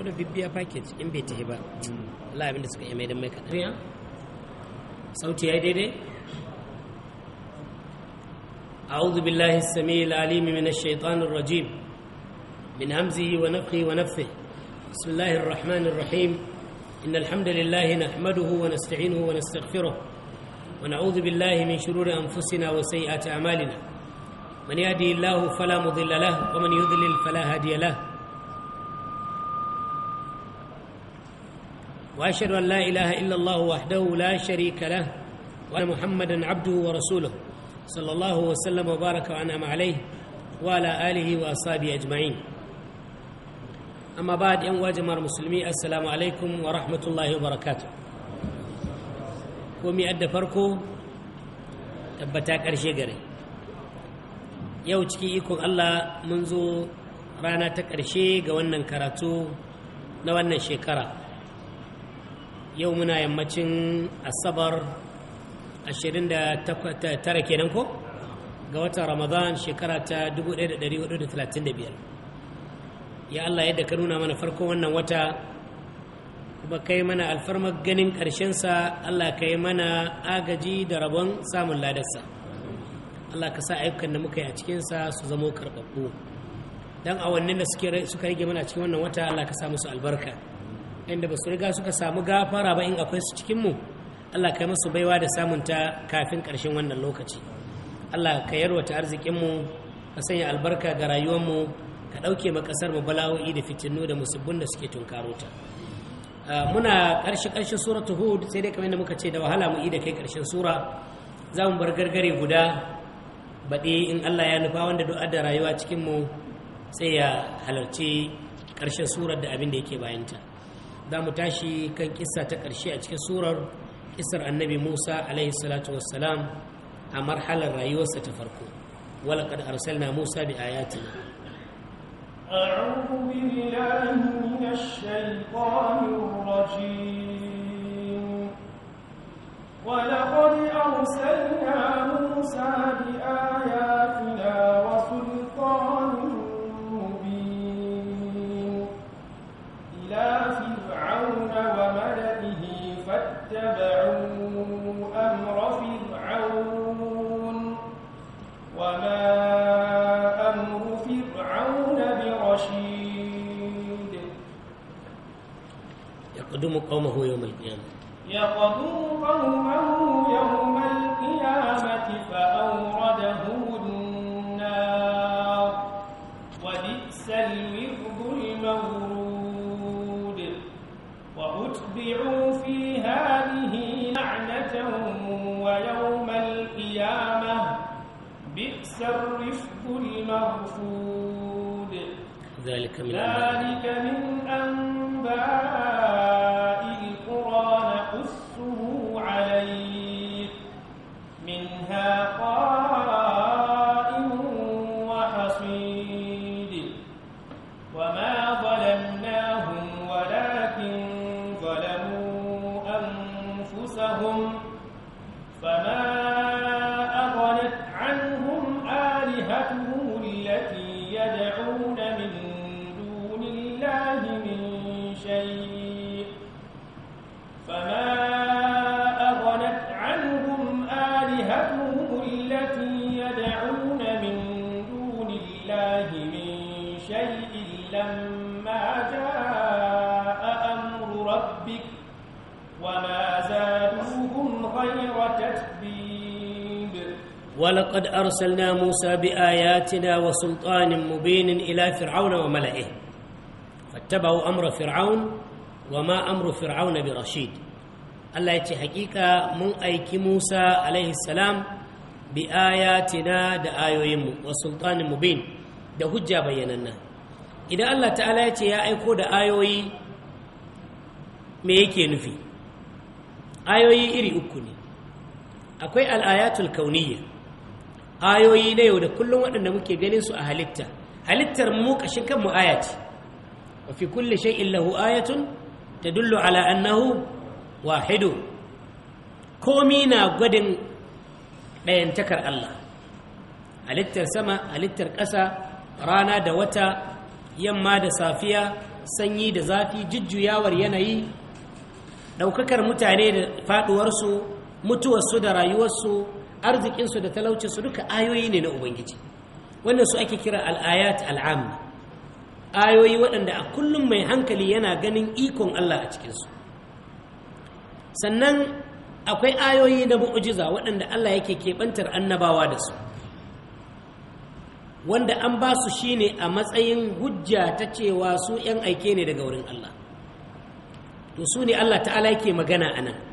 wani bibbiya package in bai tafi ba Allah abinda suka yi maidan mai kaɗan sauti ya yi daidai a'udhu billahi sami lalimi min shaitanin rajim min hamzihi wa nafhi wa nafhi bismillahi ar-rahman ar-rahim ان الحمد لله نحمده ونستعينه ونستغفره ونعوذ بالله من شرور انفسنا وسيئات اعمالنا من يهده الله فلا واشهد ان لا اله الا الله وحده لا شريك له وان محمدا عبده ورسوله صلى الله وسلم وبارك وانعم عليه وعلى اله واصحابه اجمعين اما بعد يا جماعه المسلمين السلام عليكم ورحمه الله وبركاته komi adda farko tabbata ƙarshe gare yau cikin ikon allah mun zo rana ta ƙarshe ga wannan karatu na wannan shekara yau muna yammacin asabar 29 kenan ko ga watan ramadan shekara ta 1435 ya allah yadda ka nuna mana farkon wannan wata kuma kai mana alfarmar ganin ƙarshensa allah ka yi mana agaji da rabon samun ladarsa allah ka sa ayyukan da muka yi a cikinsa su zamo karɓaɓɓu don awannin da suka rage mana cikin wannan wata allah ka sa musu albarka inda ba su riga suka samu gafara ba in akwai su cikinmu allah kai masu baiwa da samunta kafin karshen wannan lokaci allah ka yarwata arzikinmu ka sanya albarka ga rayuwar mu ka ɗauke ma ƙasar mu bala'o'i da fitinu da musubbun da suke tunkaro ta ah, muna ƙarshe ƙarshen suratu hud sai dai kamar yadda muka ce da wahala mu yi da kai ƙarshen sura za mu bar gargare guda baɗi in allah ya nufa wanda du'a da rayuwa cikinmu sai ya halarci ƙarshen surar da abin da yake bayanta za mu tashi kan kissa ta ƙarshe a cikin surar kissar annabi musa alaihi salatu wassalam a marhalar rayuwarsa ta farko wala walaƙad arsalna musa bi ayatina أعوذ بالله من الشيطان الرجيم ولقد أرسلنا موسى بآياتنا يقدم قومه يوم القيامة يقدم قومه يوم القيامة فأورده النار وبئس الورد المورود وأتبعوا في هذه لعنة ويوم القيامة بئس الرفق المرفود ذلك من ذلك من ولقد أرسلنا موسى بآياتنا وسلطان مبين إلى فرعون وملئه فاتبعوا أمر فرعون وما أمر فرعون برشيد الله يتي حقيقة من أيك موسى عليه السلام بآياتنا دآيوهم وسلطان مبين ده هجة بيننا إذا الله تعالى يتي يا أيكو دآيوي me yake nufi ayoyi iri uku ne akwai al'ayatul kauniyya ayoyi na yau da kullum waɗanda muke ganin su a halitta halittar mu kashin kanmu aya ce wa fi kulli shay'in lahu ayatun tadullu ala annahu wahidu komi na gwadin ɗayantakar Allah halittar sama halittar ƙasa rana da wata yamma da safiya sanyi da zafi jujjuyawar yanayi ɗaukakar mutane da faɗuwarsu mutuwarsu da rayuwarsu arzikinsu da su duka ayoyi ne na ubangiji wannan su ake kira al'ayat al'amu. ayoyi waɗanda a kullum mai hankali yana ganin ikon Allah a cikinsu sannan akwai ayoyi na mu'ujiza waɗanda Allah yake keɓantar annabawa da su wanda an ba su shi ne a matsayin hujja ta cewa su ‘yan aike ne daga wurin Allah to su ne Allah ta'ala yake magana anan.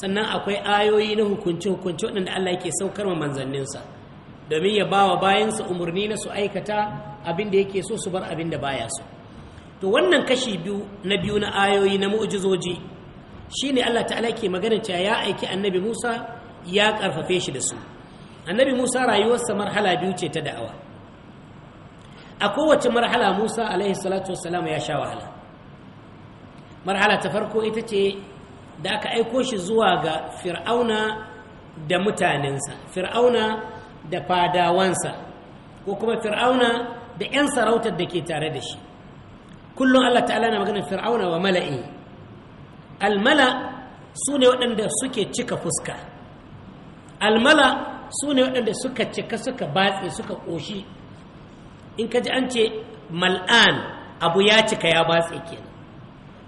sannan akwai ayoyi na hukunce hukunce waɗanda Allah yake saukar wa manzanninsa domin ya ba wa bayansa umarni na su aikata abin da yake so su bar abin da baya so to wannan kashi biyu na biyu na ayoyi na mu'jizoji shine Allah ta'ala ke magana cewa ya aiki annabi Musa ya karfafe shi da su annabi Musa rayuwarsa marhala biyu ce ta da'awa a kowace marhala Musa alaihi salatu wassalam ya sha wahala marhala ta farko ita ce da aka aiko shi zuwa ga fir'auna da mutanensa fir'auna da fadawansa ko kuma fir'auna da 'yan sarautar da ke tare da shi kullum allah ta'ala na maganin fir'auna wa mala'i almala su ne waɗanda suke cika fuska almala su ne waɗanda suka cika suka batse suka ƙoshi in ka ji an ce mal'an abu ya cika ya batse kenan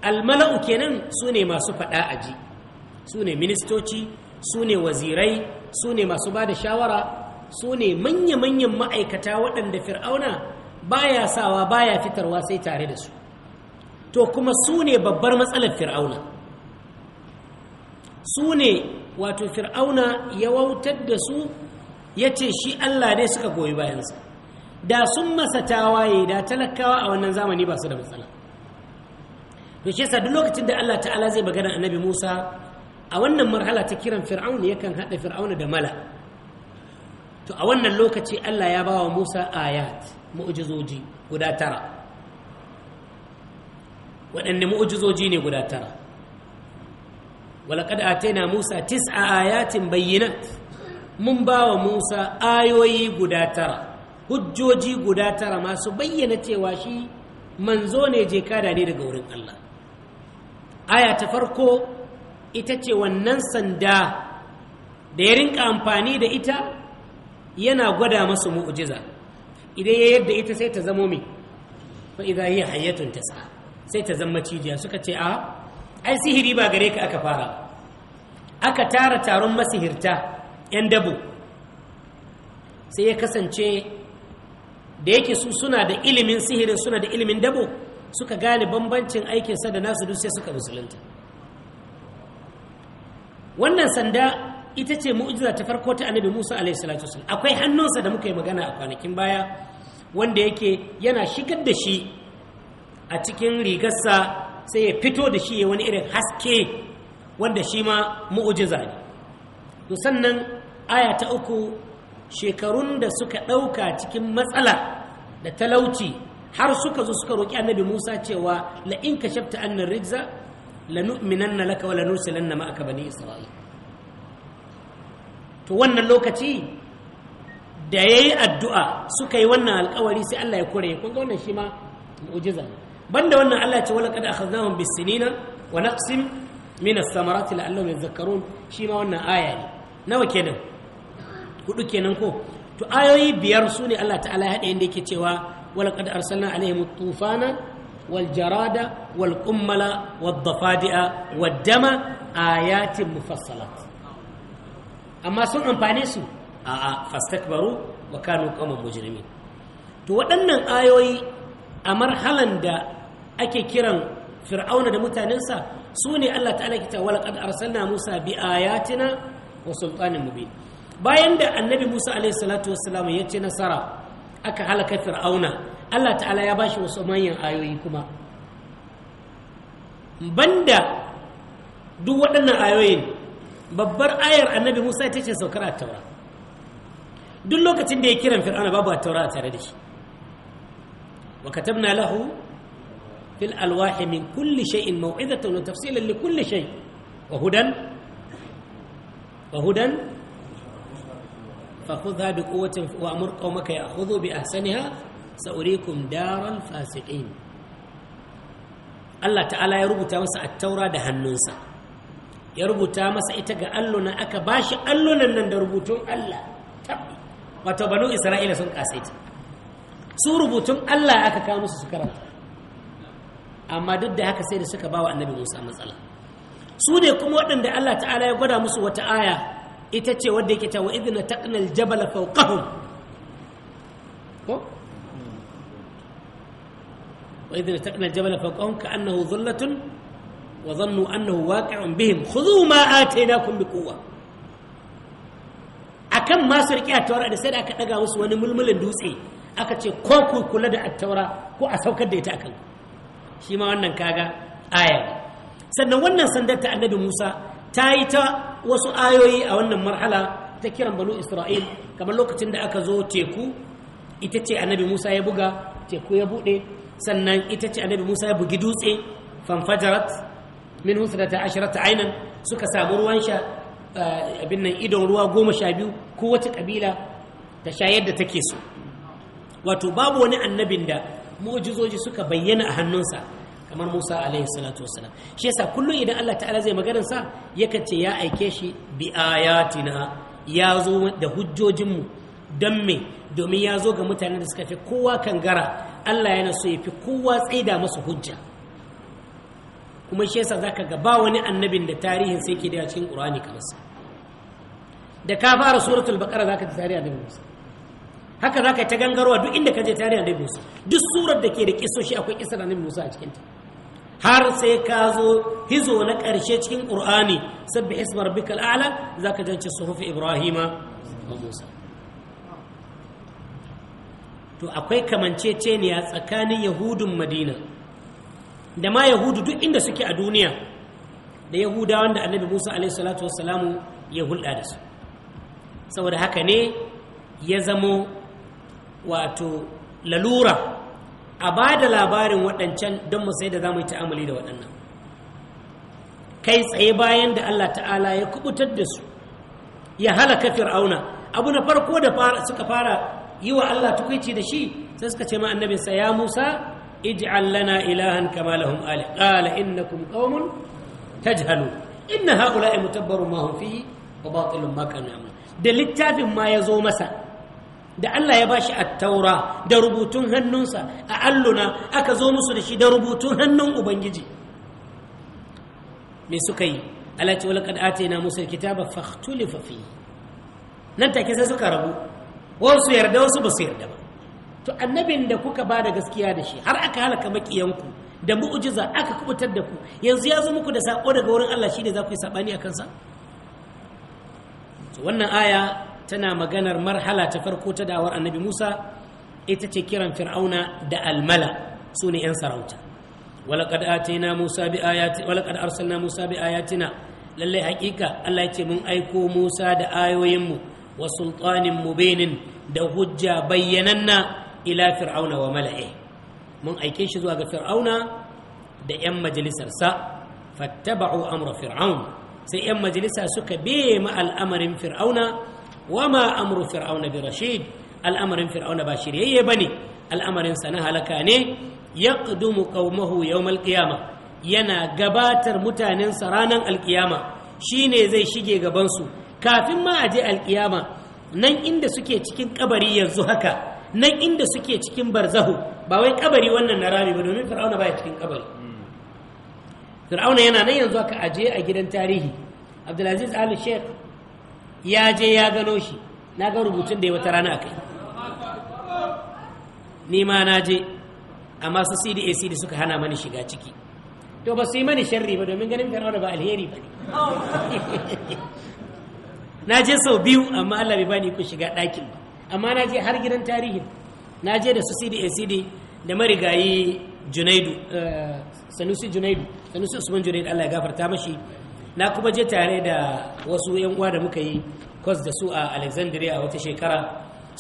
almala'u kenan su ne masu faɗa aji su ne ministoci su ne wazirai su ne masu ba da shawara su ne manya-manyan ma'aikata waɗanda fir'auna baya sawa baya fitarwa sai tare da su to kuma su ne babbar matsalar fir'auna su ne wato fir'auna ya wautar da su ya ce shi allah ne suka goyi bayansa da sun masa tawaye da talakawa a wannan zamani ba su da matsala to shi yasa duk lokacin da Allah ta'ala zai magana annabi Musa a wannan marhala ta kiran fir'aun yakan hada fir'auna da mala to a wannan lokaci Allah ya bawa Musa ayat mu'jizoji guda tara waɗanne mu'jizoji ne guda tara walaƙad atena Musa tis'a ayatin bayyinat mun bawa Musa ayoyi guda tara hujjoji guda tara masu bayyana cewa shi manzo ne je kada ne daga wurin Allah aya ta farko ita ce wannan sanda da ya rinka amfani da ita yana gwada masu mu'ujiza idan ya yadda ita sai ta zamo mai fa idza hayyatun sa, sai ta zama cijiya suka ce a ai sihiri ba gare ka aka fara aka tara taron masihirta yan dabo sai ya kasance da yake su suna da ilimin sihirin suna da ilimin dabo suka gane bambancin aikinsa da nasu dusse suka musulunta wannan sanda ita ce mu'jiza ta farko ta annabi musa alaihi salatu akwai hannunsa da muka yi magana a kwanakin baya wanda yake yana shigar da shi a cikin rigarsa sai ya fito da shi ya wani irin haske wanda shi ma mu'jiza ne to sannan aya ta uku shekarun da suka ɗauka cikin matsala da talauci har suka zo suka roƙi annabi Musa cewa la in kashafta anna rijza lanu'minanna laka wa lanursilanna ma'aka bani Isra'il to wannan lokaci da ya yi addu'a suka yi wannan alƙawari sai Allah ya kore kun ga wannan shi ma mu'jiza banda wannan Allah ya ce wala qad akhadnahum bisinina sinina wa naqsim min as-samarati la'allahum yadhakkarun shi ma wannan aya ne nawa kenan hudu kenan ko to ayoyi biyar su ne Allah ta'ala ya haɗe inda yake cewa ولقد أرسلنا عليهم الطوفان والجراد والقمل والضفادع والدم آيات مفصلات أما سن أمبانيسو آآ فاستكبروا وكانوا قوم مجرمين تو waɗannan ayoyi a marhalan da ake kiran fir'auna da mutanensa su ne Allah ta'ala ke ta walaqad arsalna Musa bi ayatina wa sultanin mubin bayan da annabi Musa alaihi ya nasara aka halaka fir'auna Allah ta'ala ya bashi wasu manyan ayoyi kuma banda duk waɗannan ayoyin babbar ayar annabi musa ita ce saukar a taura duk lokacin da ya kiran fir'auna babu a taura a tare da shi wa katabna lahu fil alwahi min kulli shay'in maw'izatan wa tafsilan li kulli shay wa hudan wa hudan فخذها بقوة وأمر قومك يأخذوا بأحسنها سأريكم دار الفاسقين الله تعالى يربط مسا التوراة دهنونسا يربط مسا إتقى ألنا أكا باش ألنا نندربطون الله تبي وتبنو إسرائيل سنك أسيت سوربطون الله أكا كاموس سكرا أما ضد هكا سيد سكبا النبي موسى مسألة سودة كم وقت الله تعالى يقول مسو وتعالى ita ce wadda yake cewa idna taqnal jabala fawqahum ko wa idna taqnal jabala ka annahu dhullatun wa dhannu annahu waqi'un bihim khudhu ma a atainakum biquwwa akan ma su riƙe attaura da sai da aka ɗaga musu wani mulmulin dutse aka ce ko ku kula da attaura ko a saukar da ita akan shi ma wannan kaga aya sannan wannan sandar ta annabi Musa ta yi ta wasu ayoyi a wannan marhala ta kiran banu isra'il kamar lokacin da aka zo teku ita ce annabi musa ya buga teku ya buɗe sannan ita ce annabi musa ya bugi dutse fanfajarat min da ta ashirar ta ainan suka samu ruwan sha eh, abin nan idon ruwa goma sha biyu kowace kabila ta sha yadda take so wato babu wani annabin da mu'jizoji suka bayyana a hannunsa kamar Musa alaihi salatu wassalam shi yasa kullum idan Allah ta'ala zai magana sa yakan ce ya aike shi bi ayatina ya zo da hujjojinmu dan me domin ya zo ga mutanen da suka fi kowa kangara Allah yana so ya fi kowa tsaida masu hujja kuma shi yasa zaka ga ba wani annabin da tarihin sai ke da cikin Qur'ani kamar sa da ka fara suratul baqara zaka ji tarihin annabi Musa haka zaka ta gangarwa duk inda ka je tarihin annabi Musa duk surar da ke da kissoshi akwai kissar annabi Musa a cikin ta. har sai ka zo hizo na ƙarshe cikin ƙur'ani sabbi ismar, rabbika ala, za ka jance suhufi ibrahima musa to akwai kamanceceniya tsakanin yahudun madina da ma yahudu duk inda suke a duniya da yahudawan da annabi musa alaihi salatu wassalamu ya hulɗa da su saboda haka ne ya zamo wato lalura a ba da labarin waɗancan don mu sai da za mu yi ta'amali da waɗannan kai tsaye bayan da allah ta'ala ya kubutar da su ya halaka fir'auna abu na farko da suka fara yi wa allah tukwici da shi sai suka ce ma annabinsa ya musa ij'al lana ilahan kama lahum ali qala innakum qaumun tajhalu inna haula'i mutabbarun ma hum fihi wa batilun ma kanu da littafin ma ya zo masa da Allah ya bashi attaura da rubutun hannunsa a alluna aka zo musu da shi da rubutun hannun ubangiji me suka yi Allah ce wala kad atayna musa kitaba fakhtulifa fi nan take sai suka rabu wasu yarda wasu ba su yarda ba to annabin da kuka ba da gaskiya da shi har aka halaka makiyanku da mu'jiza aka kubutar da ku yanzu ya zo muku da sako daga wurin Allah shine za ku yi sabani akan sa wannan aya tana maganar marhala ta farko ta dawar annabi musa ita ce kiran fir'auna da almala su ne 'yan sarauta walaƙad atina musa arsalna musa bi ayatina lallai haƙiƙa allah ce mun aiko musa da ayoyinmu wa sultanin mubinin da hujja bayyananna ila fir'auna wa mala'i mun aike shi zuwa ga fir'auna da 'yan majalisarsa fattaba'u amra fir'aun sai 'yan majalisa suka bi ma al'amarin fir'auna wama amru fir'auna bi rashid al'amarin fir'auna ba shiryayye bane al'amarin sa na halaka ne ƙudumu ƙaumahu yawmal qiyama yana gabatar mutanensa ranar ranan shi ne zai shige gabansu kafin ma aje alqiyama nan inda suke cikin kabari yanzu haka nan inda suke cikin barzahu ba wai kabari wannan na rami ba domin fir'auna baya cikin kabari fir'auna yana nan yanzu haka aje a gidan tarihi abdulaziz ali sheikh ya je ya gano shi na ga rubutun da ya wata rana a kai ni ma na je amma su cdac da suka hana mani shiga ciki to ba su yi mani shari ba domin ganin fir'auna ba alheri ba ne na je sau biyu amma allah bai bani ku shiga ɗakin ba amma na je har gidan tarihin na je da su cdac da marigayi junaidu eh, sanusi junaidu sanusi usman junaidu allah ya gafarta mashi na kuma je tare da wasu yan uwa da muka yi kwas da su a alexandria a wata shekara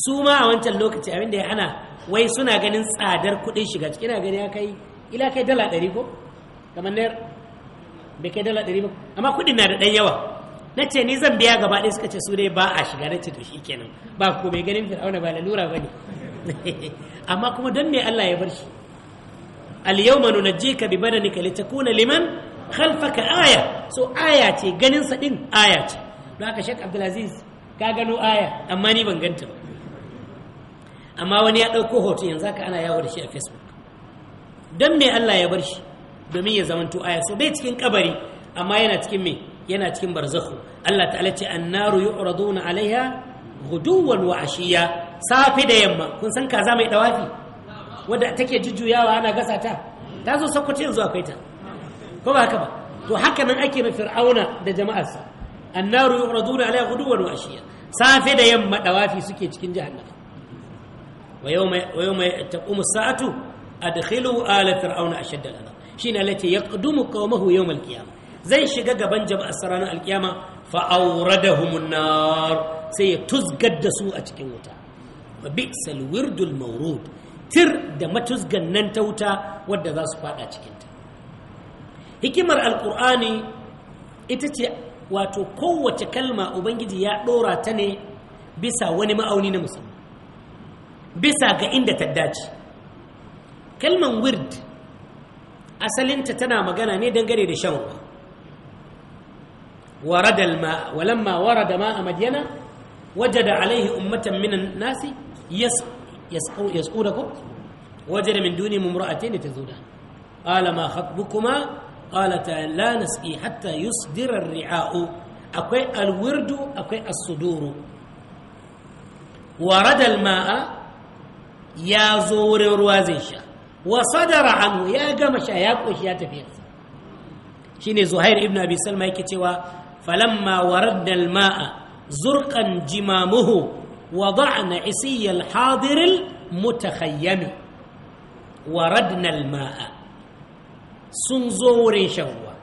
su ma a wancan lokaci abin da ya hana wai suna ganin tsadar kuɗin shiga cikin gani ya kai ila kai dala ɗari ko kamar nair. bai kai dala ɗari ba amma kudin na da ɗan yawa na ce ni zan biya gaba ɗaya suka ce su dai ba a shiga na ce to shi kenan ba ko mai ganin fir'auna ba lalura ba ne amma kuma don me Allah ya bar shi al yawma nunajjika bi badanika litakuna liman khalfaka aya so aya ce ganin sa din aya ce don haka Sheikh Abdulaziz ka gano aya amma ni ban ganta ba amma wani ya ɗauko hoto yanzu haka ana yawo da shi a Facebook don me Allah ya bar shi domin ya zamanto aya so bai cikin kabari amma yana cikin me yana cikin barzakhu Allah ta'ala ce annaru yu'raduna alaiha ghuduwan wa ashiya safi da yamma kun san kaza mai dawafi wadda take jujjuyawa ana gasa ta ta zo sakwace yanzu akwai ta ko ba haka ba to haka nan ake ma fir'auna da jama'arsa annaru yuraduna alaiha ghuduwan wa ashiya safe da yamma dawafi suke cikin jahannama wa yawma wa yawma taqumu sa'atu adkhilu ala fir'auna ashadd al'adab shine allati yaqdumu qawmahu yawm al-qiyamah zai shiga gaban jama'ar ranar al-qiyama fa da nar sai ya tuzgar da su a cikin wuta wa bi'sal wirdul mawrud tir da matuzgan nan ta wuta wadda za su fada cikin ta hikimar alkur'ani ita ce wato kowace kalma ubangiji ya ɗora ta ne bisa wani ma'auni na musamman bisa ga inda ta dace kalman wird asalinta tana magana ne dangane da shan ruwa warada alma walamma warada ma a madiyana wajada alaihi ummatan minan nasi yasquna ko wajada min duni mumra'atain tazuda alama khatbukuma qala ta la nasqi hatta yusdira ar akwai al akwai asuduru suduru warada maa ya zo wurin ruwa zai sha wa sadara anhu ya gama sha ya koshi ya tafi shine zuhair ibn abi salma yake cewa falamma waradna al-ma'a zurqan jimamuhu wada'na isiy al-hadir al-mutakhayyam waradna sun zo wurin shan ruwa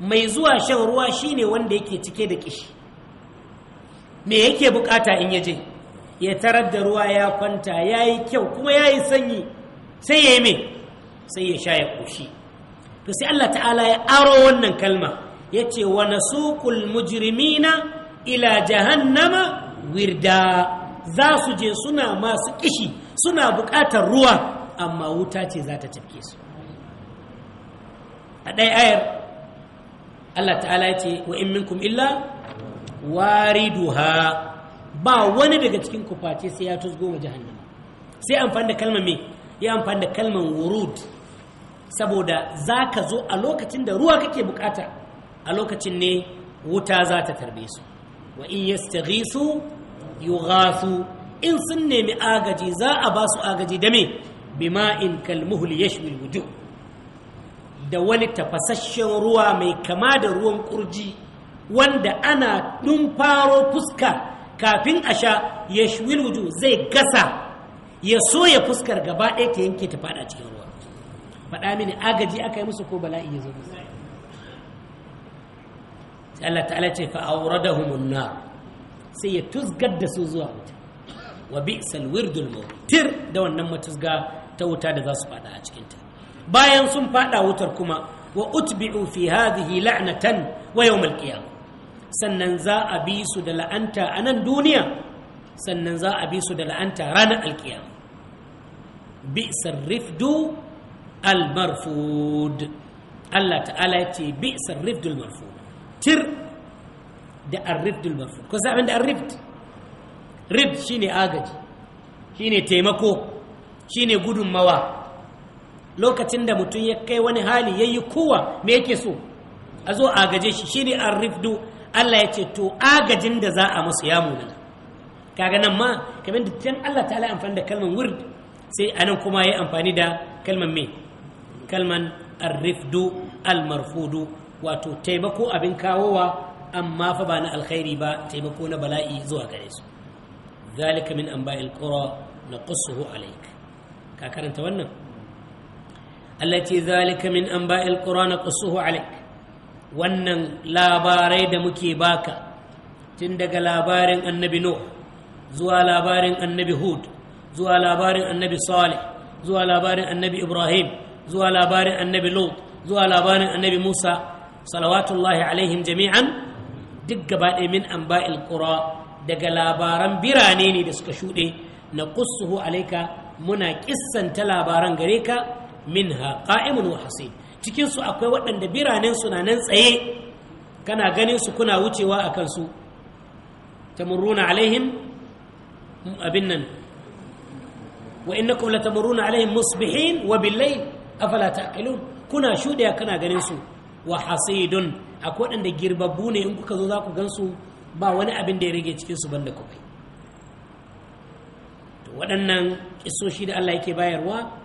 mai zuwa shan ruwa shine wanda yake cike da kishi me yake bukata in yaje ya tarar da ruwa ya kwanta ya yi kyau kuma ya yi sanyi sai ya yi me sai ya sha ya ƙoshi to sai Allah ta'ala ya aro wannan kalma ya ce wa nasuqul mujrimina ila jahannama wirda za su je suna masu kishi suna buƙatar ruwa amma wuta ce za ta tafke su a ɗaya ayar Allah ta'ala ya ce wa in minkum illa wari duha. ba wani daga cikin ku face sai ya tuzgo wa jahannama sai amfani da kalmar me ya amfani da kalmar wurud saboda za ka zo a lokacin da ruwa kake bukata a lokacin ne wuta za ta tarbe su wa in yastaghisu yughasu in sun nemi agaji za a ba su agaji da me bima'in kalmuhul yashwi wujuh da wani tafasasshen ruwa mai kama da ruwan kurji wanda ana faro fuska kafin a sha ya wuju zai gasa ya soya fuskar gaba ɗaya ta yanke ta fada cikin ruwa faɗa mini agaji aka yi musu ko bala'i ya zo musu sai Allah ta'ala ce fa da humunna sai ya tuzgar da su zuwa wuta wa salwir wirdul tir da wannan matuzga ta wuta da za su fada a cikin ta bayan sun fada wutar kuma wa utbi'u fi hadhihi la'natan wa yawm al-qiyamah sannan za a bi su da la'anta a nan duniya sannan za a bi su da la'anta ranar alkiyama bi rifdu al-marfud Allah ta'ala ya ce bi rifdu al-marfud tir da ar-rifdu al-marfud ko zaɓin da ar-rift shine agaji shine taimako shine gudunmawa lokacin da mutum ya kai wani hali yayi kuwa me yake so a zo agaje shi shine arrifdu Allah ya ce to agajin da za a musu ya muna kaga nan ma kamar da can Allah ta'ala amfani da kalman wird sai anan kuma ya amfani da kalman me Kalman arrifdu almarfudu wato taimako abin kawowa amma fa ba na alkhairi ba taimako na bala'i zuwa gare su zalika min anba'il qura naqsuhu alayk ka karanta wannan allati zalika min anba'il qur'ana qassuhu alaik wannan labarai da muke baka tun daga labarin annabi nuh zuwa labarin annabi hud zuwa labarin annabi salih zuwa labarin annabi ibrahim zuwa labarin annabi lut zuwa labarin annabi musa salawatullahi alaihim jami'an duk gaba ɗaya min an ba'il ƙura daga labaran birane ne da suka shuɗe na kusuhu alaika muna ƙissanta labaran gare ka minha qa'imun wa hasid cikin akwai waɗanda biranen su na nan tsaye kana ganin su kuna wucewa a kansu tamurruna alaihim abin nan wa innakum latamurruna alaihim musbihin wa billayl afala taqilun kuna shuɗe kana ganin su wa hasidun akwai waɗanda girbabbu ne in kuka zo za ku gansu ba wani abin da ya rage cikin su banda kuma to waɗannan ƙisoshi da Allah yake bayarwa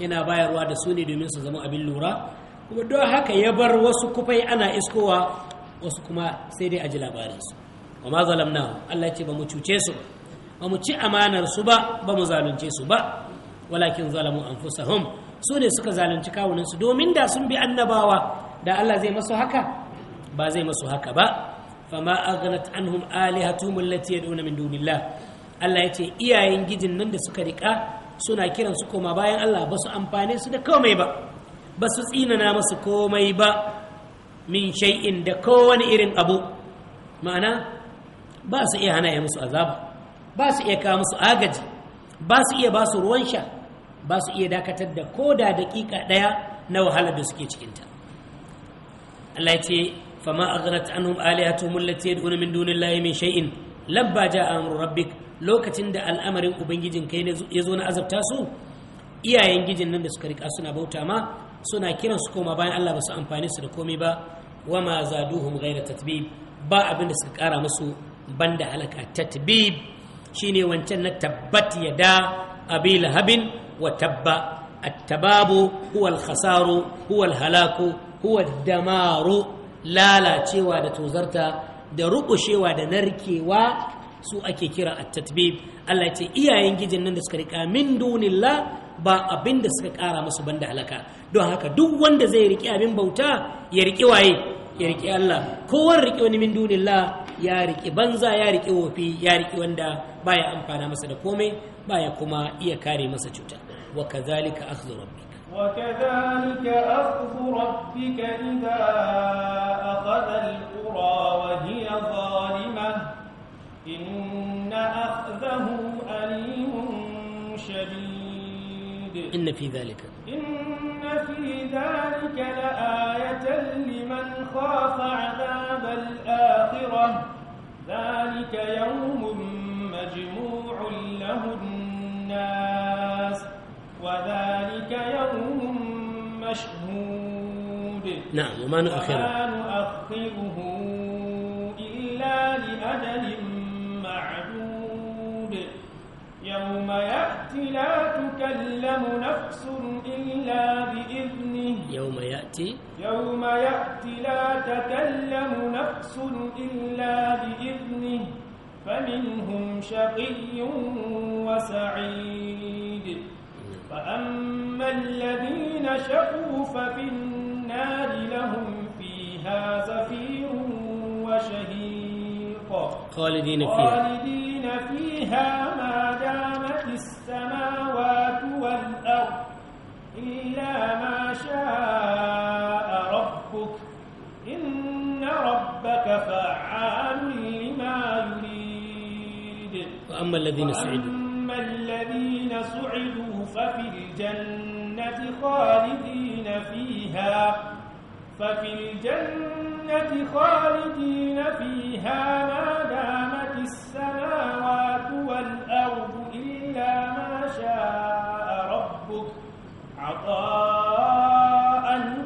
yana bayarwa da su ne domin su zama abin lura kuma don haka ya bar wasu kufai ana iskowa wasu kuma sai dai a ji labarinsu wa ma zalamnahu Allah ce ba mu cuce su ba mu ci amanar su ba ba mu zalunce su ba walakin zalamu anfusahum su ne suka zalunci kawunan su domin da sun bi annabawa da Allah zai masu haka ba zai masu haka ba fama aghnat anhum alihatuhum allati yad'una min dunillah Allah yace iyayen gijin nan da suka rika suna kiran su koma bayan Allah ba su amfane su da komai ba ba su tsinana masu komai ba min shay'in da kowane irin abu ma'ana ba su iya hana ya musu azaba ba su iya kawo musu agaji ba su iya ba su ruwan sha ba su iya dakatar da koda daƙiƙa ɗaya na wahalar da suke cikinta Allah ya ce fama aghnat anhum alihatuhum allati yad'una min dunillahi min shay'in lamma ja'a amru rabbik lokacin da al'amarin ubangijin kai ya zo na azabta su iyayen gijin nan da suka rika suna bauta ma suna kiran su koma bayan Allah ba su amfani su da komai ba wa ma zaduhum ghayra tatbib ba abin da suka kara musu banda halaka tatbib shine wancan na tabbat yada abi lahabin wa tabba at-tababu huwa al-khasaru halaku huwa damaru lalacewa da tozarta da rukushewa da narkewa su ake kira at-tatbib Allah ya ce iyayen gijin nan da suka rika min dunilla, ba abin da suka kara musu banda halaka don haka duk wanda zai riƙe abin bauta ya riƙe waye ya riki Allah kowan riki wani min dunilla ya riki banza ya riki wofi ya riƙe wanda baya amfana masa da komai baya kuma iya kare masa cuta wa kadhalika akhdhu rabbika وكذلك أخذ ربك إذا أخذ القرى وهي ظالمة إن أخذه أليم شديد إن في ذلك إن في ذلك لآية لمن خاف عذاب الآخرة ذلك يوم مجموع له الناس وذلك يوم مشهود نعم وما نؤخره وما نؤخره إلا لأجل يوم يأتي لا تكلم نفس إلا بإذنه يوم يأتي يوم يأتي لا تكلم نفس إلا بإذنه فمنهم شقي وسعيد فأما الذين شقوا ففي النار لهم فيها زفير وشهيق خالدين فيها خالدين فيها ما دام السماوات والأرض إلا ما شاء ربك إن ربك فعال لما يريد وأما الذين سعدوا وأما الذين سعدوا ففي الجنة خالدين فيها ففي الجنة خالدين فيها ما دامت السماء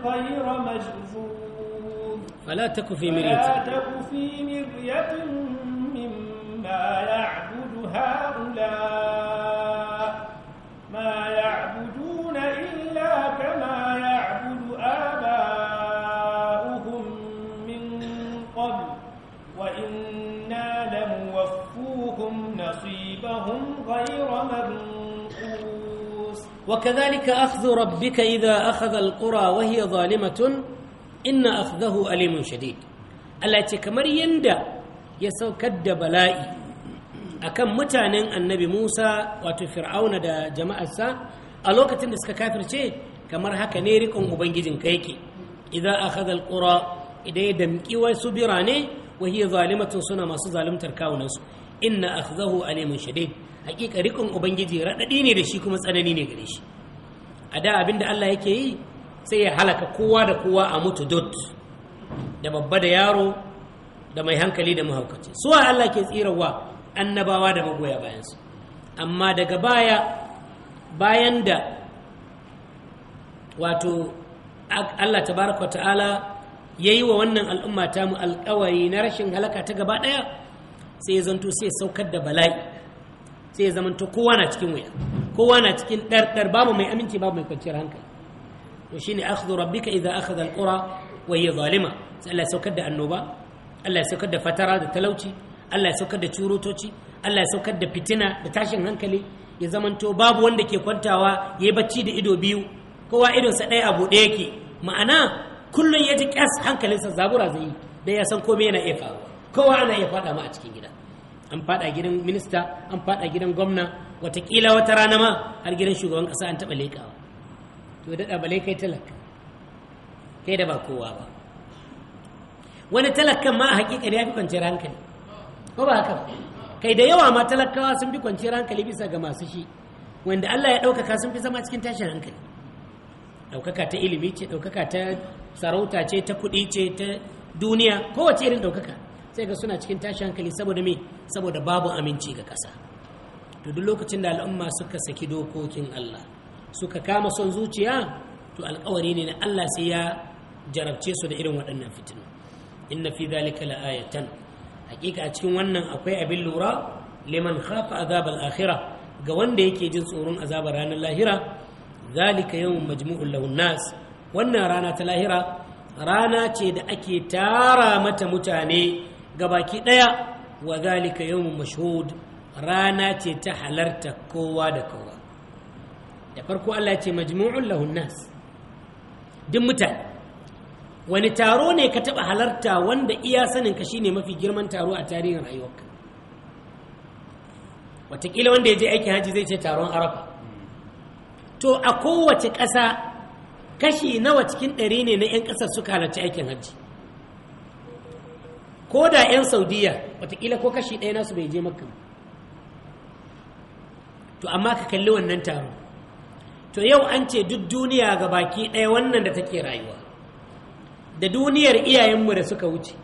غير مجذوب فلا تك في مريت فلا تك في مما يعبد هؤلاء وكذلك أخذ ربك إذا أخذ القرى وهي ظالمة إن أخذه أليم شديد التي كمر يندى يسوكد بلائي أكم متان النبي موسى وتفرعون دا جماعة سا ألوكة نسك كافر شيء كمر هكا نيركم وبنجزن كيكي إذا أخذ القرى إذا يدمكي وسبراني وهي ظالمة سنة ما ظالمة تركاونس إن أخذه أليم شديد hakika rikon ubangiji raɗaɗi ne da shi kuma tsanani ne gare shi a da abin da allah yake yi sai ya halaka kowa da kowa a mutu dot da babba da yaro da mai hankali da mahaukaci wa allah ke tsirawa annabawa da magoya bayansu amma daga baya bayan da wato allah tabaraka ta'ala ya yi wa wannan al'umma ta mu alkawari na rashin halaka ta gaba ɗaya sai ya zanto sai saukar da bala'i sai ya zamanta kowa na cikin wuya kowa na cikin ɗarɗar babu mai aminci babu mai kwanciyar hankali to shine akhdhu rabbika idza akhadha alqura wa hiya zalima sai Allah ya saukar da annoba Allah ya saukar da fatara da talauci Allah ya saukar da curutoci Allah ya saukar da fitina da tashin hankali ya zamanto babu wanda ke kwantawa yayi bacci da ido biyu kowa idonsa ɗaya a buɗe yake ma'ana kullum ya ji ƙyas hankalinsa zabura zai yi da ya san komai yana iya faruwa kowa ana iya faɗa ma a cikin gida an fada gidan minista an fada gidan gwamna watakila wata rana ma har gidan shugaban kasa an taba leƙawa to daɗa bale kai talaka kai da ba kowa ba wani talakan ma a ne ya fi kwanciyar hankali ko ba haka kai da yawa ma talakawa sun fi kwanciyar hankali bisa ga masu shi wanda Allah ya ɗaukaka sun fi zama cikin tashin hankali ɗaukaka ta ilimi ce ɗaukaka ta sarauta ce ta kuɗi ce ta duniya kowace irin ɗaukaka sai ga suna cikin tashi hankali saboda me saboda babu aminci ga ƙasa to duk lokacin da al'umma suka saki dokokin Allah suka kama son zuciya to alƙawari ne na Allah sai ya jarabce su da irin waɗannan fitina inna fi zalika ayatan hakika a cikin wannan akwai abin lura liman khafa azabal akhirah ga wanda yake jin tsoron azabar ranar lahira zalika yawmun majmu'un lahun nas wannan rana ta lahira rana ce da ake tara mata mutane gabaki ɗaya wa zalika yawmun mashhud rana ce ta halarta kowa da kowa da farko Allah ce majmu'un lahun nas duk mutane wani taro ne ka taɓa halarta wanda iya sanin ka shine mafi girman taro a tarihin rayuwarka watakila wanda ya je aikin haji zai ce taron arafa to a kowace ƙasa kashi nawa cikin ɗari ne na 'yan ƙasar suka halarci aikin haji ko da 'yan saudiya watakila ko kashi ɗaya nasu bai je makka to amma ka kalli wannan taro to yau an ce duk duniya ga baki ɗaya wannan da take rayuwa da duniyar iyayenmu da suka wuce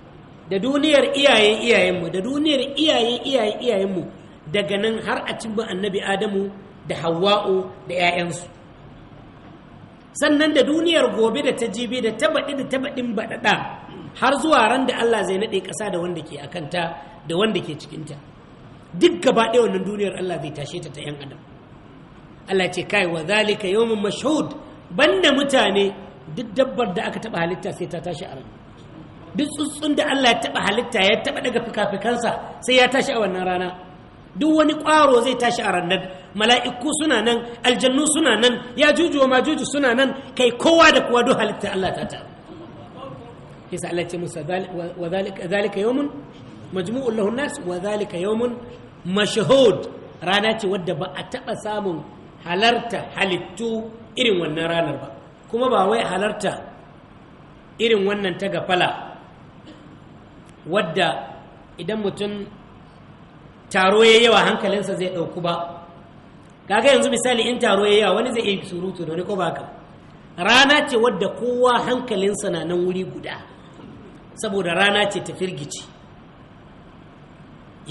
da duniyar iyayen iyayenmu da duniyar iyayen iyayen iyayenmu daga nan har a cimma annabi adamu da hawa'u da 'ya'yansu sannan da duniyar gobe da ta jibi da tabaɗi da tabaɗin baɗaɗa har zuwa ran da Allah zai naɗe ƙasa da wanda ke kanta da wanda ke cikinta duk gaba ɗaya wannan duniyar Allah zai tashe ta ta 'yan adam Allah ce kai wa zalika yawmin mashhud banda mutane duk dabbar da aka taba halitta sai ta tashi a ran. duk tsuntsun da Allah ya taba halitta ya taba daga fikafikansa sai ya tashi a wannan rana duk wani ƙwaro zai tashi a ranar mala'iku suna nan aljannu suna nan ya juju wa majuju suna nan kai kowa da kowa duk halitta Allah ta taru yasa Allah ce musa wa zalika yawmun majmu'un lahu nas wa zalika yawmun mashhud rana ce wadda ba a samun halarta halittu irin wannan ranar ba kuma ba wai halarta irin wannan ta gafala wadda idan mutum taro ya yawa hankalinsa zai ɗauku ba kaga yanzu misali in taro ya yawa wani zai iya surutu da wani ko ba haka rana ce wadda kowa hankalinsa na nan wuri guda saboda rana ce ta firgici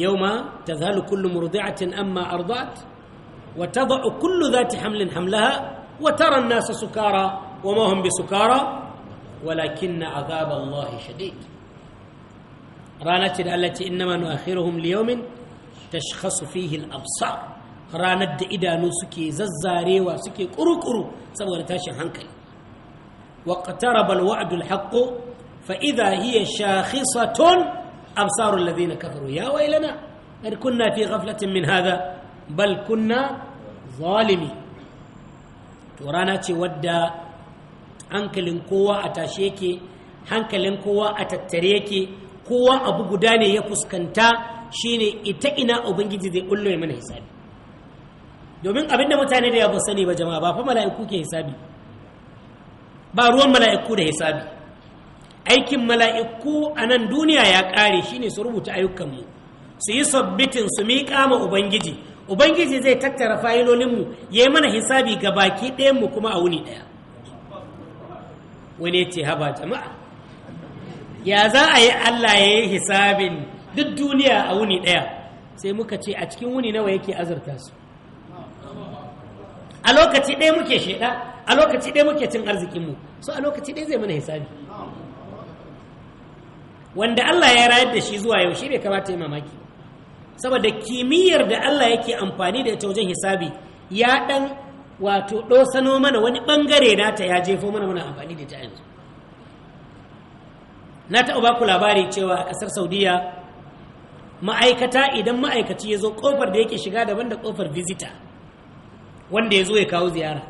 yau ma ta zalu kullu murdi'atin amma ardat wa tada'u kullu dhati hamlin hamlaha wa tara an-nasa sukara wa ma hum bisukara walakinna 'adhab Allah shadid rana ce da Allah ce inna innama nu'akhiruhum yawmin tashkhasu fihi al-absar ranar da idanu suke zazzarewa suke kurukuru saboda tashin hankali wa qataraba al-wa'du al-haqqu فإذا هي شاخصة أبصار الذين كفروا يا ويلنا قد كنا في غفلة من هذا بل كنا ظالمي ورانا تودى hankalin kowa a tashe yake hankalin kowa a tattare yake kowa abu guda ne ya fuskanta shine ita ina ubangiji zai ullo mana hisabi domin abinda mutane da ya sani ba jama'a ba fa mala'iku ke hisabi ba ruwan mala'iku da hisabi aikin mala'iku a nan duniya ya ƙare shine su rubuta ayyukanmu su yi sabbitin su miƙa ma ubangiji ubangiji zai tattara fayilolinmu ya yi mana hisabi ga baki ɗayanmu kuma a wuni ɗaya wani ce haba jama'a ya za a yi allah ya yi hisabin duk duniya a wuni ɗaya sai muka ce a cikin wuni nawa yake azurta su a lokaci ɗaya muke shaiɗa a lokaci ɗaya muke cin arzikinmu so a lokaci ɗaya zai mana hisabi wanda Allah ya rayar da shi zuwa yau shi bai kamata yi mamaki saboda kimiyyar da Allah yake amfani da ita wajen hisabi ya dan wato ɗosano mana wani ɓangare ta ya jefo mana mana amfani da ita yanzu na taɓa baku labari cewa a ƙasar saudiya ma'aikata idan ma'aikaci ya zo ƙofar da yake shiga daban da kofar visitor wanda ya zo ya kawo ziyara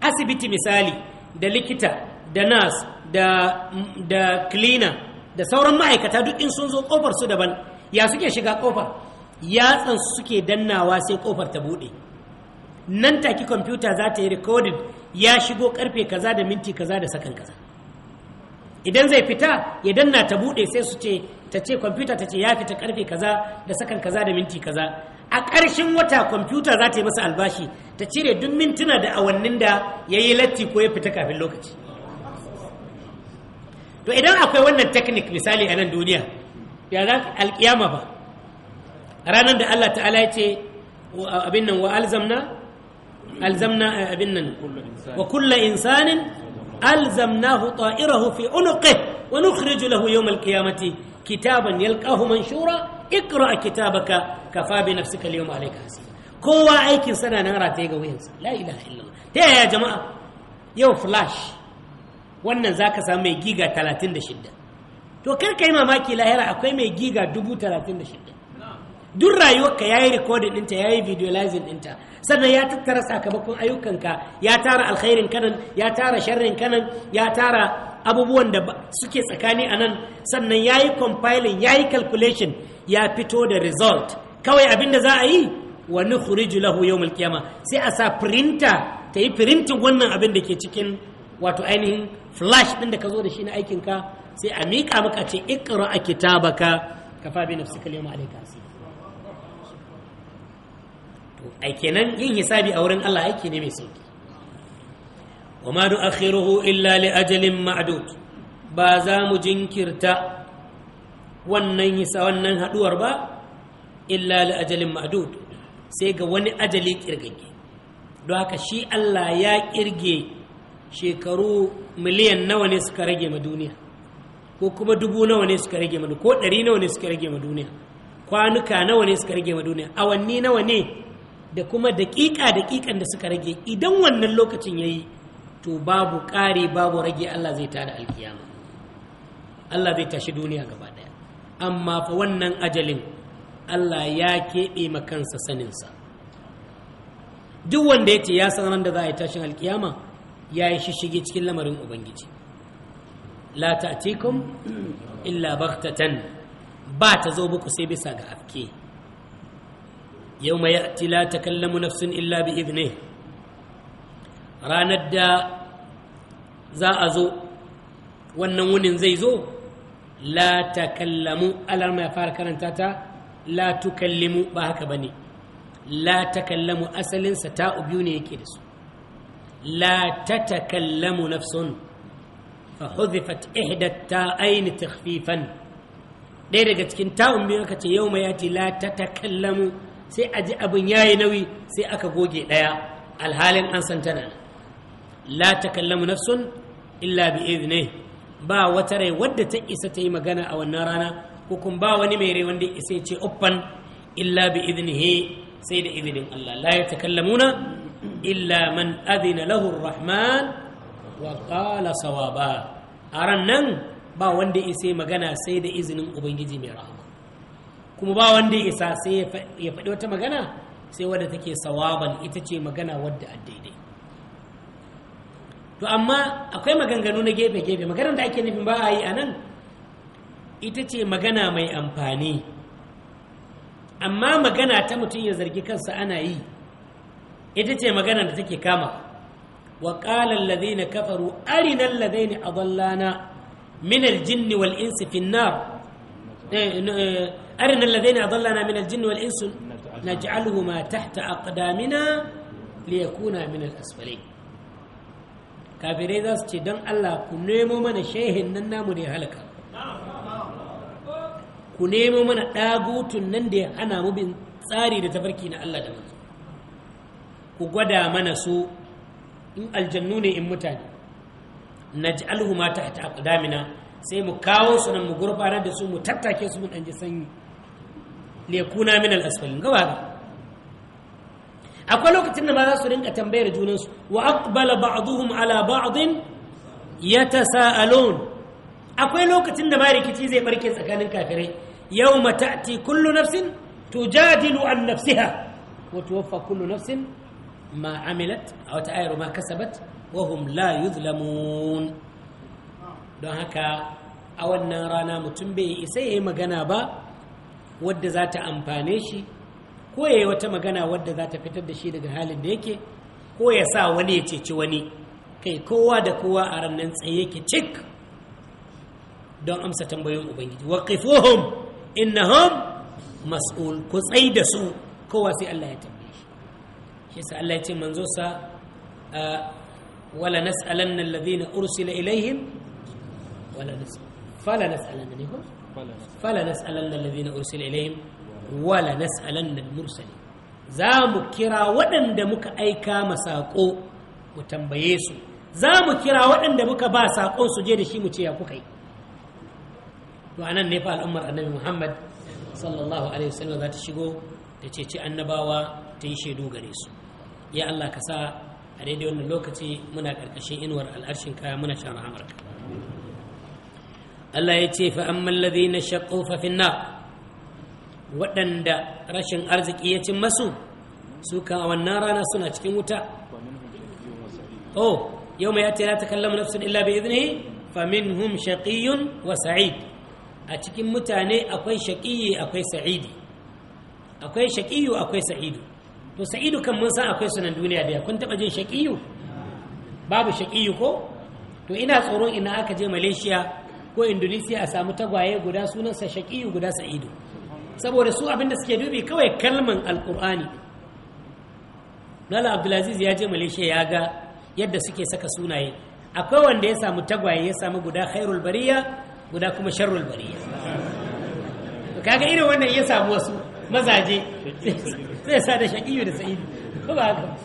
asibiti misali da likita da nas da cleaner da sauran ma'aikata duk in sun zo kofar su daban ya suke shiga kofar yatsan suke dannawa sai kofar ta bude nan take kwamfuta za ta yi recorded ya shigo karfe kaza da minti kaza da sakan kaza idan zai fita ya danna ta bude sai su ce ta ce kwamfuta ta ce ya fita karfe kaza da sakan kaza da minti kaza a ƙarshen wata kwamfuta za ta yi masa albashi ta cire duk mintuna da awannin da ya yi latti ko ya fita kafin lokaci to idan akwai wannan teknik misali a nan duniya ya za alƙiyama ba ranar da Allah ta'ala ya ce abin nan wa alzamna alzamna eh, abin nan wa kulla insanin alzamnahu ta'irahu fi unuqih wa nukhriju lahu yawm alqiyamati kitaban yalqahu manshura اقرأ كتابك كفى بنفسك اليوم عليك حسيب kowa aikin sana nan rataye ga wayansa la ilaha illallah ta yaya jama'a yau flash wannan za ka samu mai giga 36 to kar ka yi mamaki lahira akwai mai giga 36 duk rayuwarka ya yi rikodin ɗinta ya yi videolizing ɗinta sannan ya tattara sakamakon ayyukanka ya tara alkhairin kanan ya tara sharrin kanan ya tara abubuwan da suke tsakani a nan sannan ya yi compiling ya yi calculation ya fito da result kawai abinda za a yi wani khuriju lahu yau mulkiyama sai a sa printer ta yi printin wannan abin da ke cikin wato ainihin flash ɗin da ka zo da shi na aikinka sai a miƙa maka ce ikra a kitabaka ka fa bi nafsika al yawma alayka to ai kenan yin hisabi a wurin Allah aiki ne mai sauki wa ma du'akhiruhu illa li ajalin ma'dud ba za mu jinkirta wannan hisa wannan haduwar ba illa li ajalin ma'dud sai ga wani ajali kirgage don haka shi Allah ya kirge shekaru miliyan nawa ne suka rage ma duniya ko kuma dubu nawa ne suka rage ma duniya ko ɗari nawa ne suka rage ma duniya kwanuka nawa ne suka rage ma duniya awanni nawa ne da kuma daƙiƙa daƙiƙan da suka rage idan wannan lokacin ya yi to babu ƙari babu rage allah zai tada alkiyama allah zai tashi duniya gaba ɗaya amma fa wannan ajalin allah ya keɓe ma kansa saninsa duk wanda ya ce ya san ran da za a yi tashin alkiyama ya yi shishige cikin lamarin ubangiji la ta'tikum illa baghtatan ba ta zo buku sai bisa ga afke yawma ya'ti la takallamu nafsun illa bi idni ranar da za a zo wannan wunin zai zo la takallamu alarma ya fara karanta ta la tukallimu ba haka bane la takallamu asalinsa ta biyu ne yake da su la tatakallamu nafsun fa hudhifat ihda ta'ain takhfifan ɗaya daga cikin ta'un biyu aka ce yau mai yati la tatakallamu sai a ji abin yayi nauyi sai aka goge ɗaya alhalin an san tana la takallamu nafsun illa bi idni ba wata rai wadda ta isa ta yi magana a wannan rana ko kuma ba wani mai rai wanda isa ya ce uffan illa bi idnihi sai da izinin Allah la na. illa man adina lahu rahman wa qala sawaba nan ba wanda isa magana sai da izinin ubangiji mai rahama kuma ba wanda isa sai ya faɗi wata magana sai wadda take sawaban ita ce magana wadda a to amma akwai maganganu na gefe-gefe maganar da ake nufin ba a yi a nan ita ce magana mai amfani amma magana ta mutum ya zargi kansa ana yi ita ce magana da take kama wa qala na kafaru arina alladhina adallana min aljinni wal insi fi an-nar eh, eh, eh, arina alladhina adallana min aljinni wal insi naj'aluhuma tahta aqdamina liyakuna min asfale. kafirai za su ce don Allah ku nemo mana shehin nan namu da ya halaka ku nemo mana ɗagutun nan da ya hana mu bin tsari da tafarki na Allah da mu ku gwada mana su in aljannu ne in mutane naj'alhu ma tahta damina. sai mu kawo su nan mu gurfanar da su mu tattake su mu dan ji sanyi lekuna min al-asfalin akwai lokacin da ma za su rinka tambayar junansu wa aqbala ba'dhum ala ba'din yatasaalun akwai lokacin da ma rikici zai barke tsakanin kafirai yawma ta'ti kullu nafsin tujadilu an nafsiha wa tuwaffa kullu nafsin Ma'amilat a wata ayar ma kasabat wahum la don haka a wannan rana mutum bai isa ya yi magana ba wadda za ta amfane shi ko ya yi wata magana wadda za ta fitar da shi daga halin da yake ko ya sa wani ya ceci wani kai kowa da kowa a rannan tsaye yake cik don amsa tambayoyin ubangiji waqifuhum innahum mas'ul ku tsai da su kowa sai Allah ya tambaye shi Allah ya ce manzo sa wala wala wala za mu kira waɗanda muka aika ma saƙo mu tambaye su za mu kira waɗanda muka ba saƙo su je da shi mu ce ya kuka yi to anan ne fa al'ummar annabi muhammad sallallahu alaihi wasallam za ta shigo da ceci annabawa ta yi shaidu gare su ya Allah ka sa a daidai wannan lokaci muna ƙarƙashin inuwar al'arshin kaya muna shan rahamarka Allah ya ce fa amma alladhina shaqqu fa waɗanda rashin arziki ya cin masu su kan a wannan rana suna cikin wuta oh yau mai yata la kallon nafsun illa bi idnihi fa minhum shaqiyyun wa sa'id a cikin mutane akwai shaqiyyi akwai sa'idi akwai shaqiyyu akwai sa'idu to sa'idu kan mun san akwai sunan duniya daya kun taba jin shaqiyu babu shaqiyu ko to ina tsoro ina aka je malaysia ko indonesia a samu tagwaye guda sunansa shaqiyu guda sa'idu saboda su abinda suke dubi kawai kalman alqur'ani Lala Abdulaziz ya je Malaysia ya ga yadda suke saka sunaye akwai wanda ya samu tagwaye ya samu guda khairul bariya guda kuma sharrul bariya kaga irin wannan ya samu wasu mazaje zai sa da shaƙiyu da sa'idu ko ba haka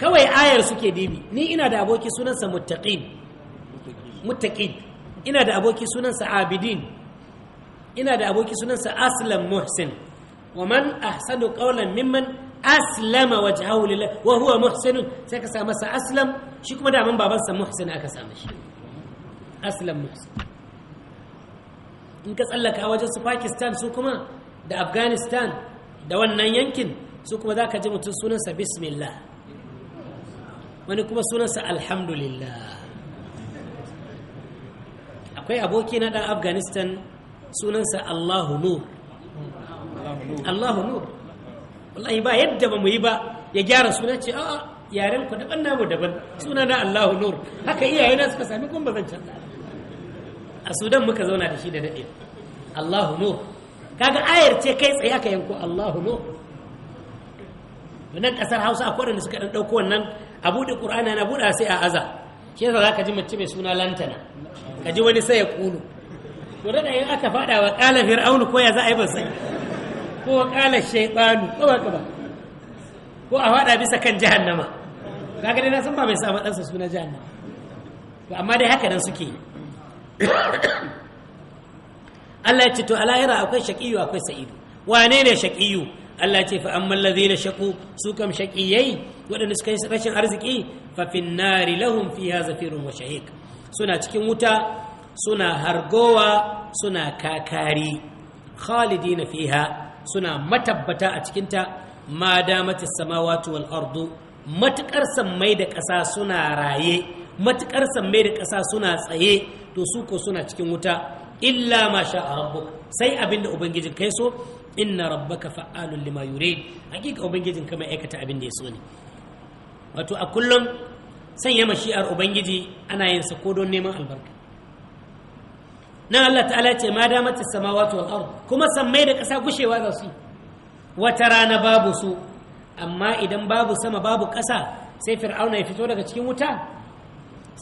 kawai ayar suke dibi ni ina da aboki sunansa muttaqin muttaqin ina da aboki sunansa abidin ina da aboki sunansa aslam muhsin wa man ahsanu qawlan mimman aslama wajhahu lillah wa huwa muhsin sai ka sa masa aslam shi kuma da man babansa muhsin aka sa mashi aslam muhsin in ka tsallaka wajen su pakistan su kuma da afghanistan da wannan yankin su kuma za ka ji mutum sunansa bismillah wani kuma sunansa alhamdulillah akwai aboki na ɗan afghanistan sunansa allahu nur allahu nur wallahi ba yadda ba mu yi ba ya gyara suna ce a'a yaren ku daban namu daban suna na allahu nur haka iyaye na suka sami kuma ba canza a sudan muka zauna da shi da daɗe allahu no kaga ayar ce kai tsaye aka yanko allahu no Wannan ƙasar hausa akwai waɗanda suka ɗauko wannan a buɗe ƙur'ana na buɗa sai a aza shi yasa za ka ji mace mai suna lantana ka ji wani sai ya ƙulu to da in aka faɗa wa ƙala fir'aunu ko ya za a yi bansa ko wa ƙala shaiɓanu ko ba ba ko a faɗa bisa kan jahannama kaga dai na san ba mai sa ɗansa suna jahannama to amma dai haka nan suke yi Allah ya ce to a lahira akwai shaqiyu akwai sa'idu wane ne shaqiyu Allah ce fa amman ladhina shaqu su kam shaqiyai waɗanda suka yi rashin arziki fa fin nari lahum fiha zafirun wa shahiq suna cikin wuta suna hargowa suna kakari khalidina fiha suna matabbata a cikinta ma damati samawati wal ardu matukar mai da ƙasa suna raye matukar mai da ƙasa suna tsaye to su ko suna cikin wuta illa ma sha a rabbuk sai abin da ubangijin kai so inna rabbaka fa'alun lima yurid hakika ubangijin ka aikata abin da ya so ne wato a kullum sanya mashi'ar ubangiji ana yin sa ko don neman albarka na Allah ta'ala ce ma da mata samawati wal ard kuma sammai da ƙasa gushewa za su wata rana babu su amma idan babu sama babu ƙasa sai fir'auna ya fito daga cikin wuta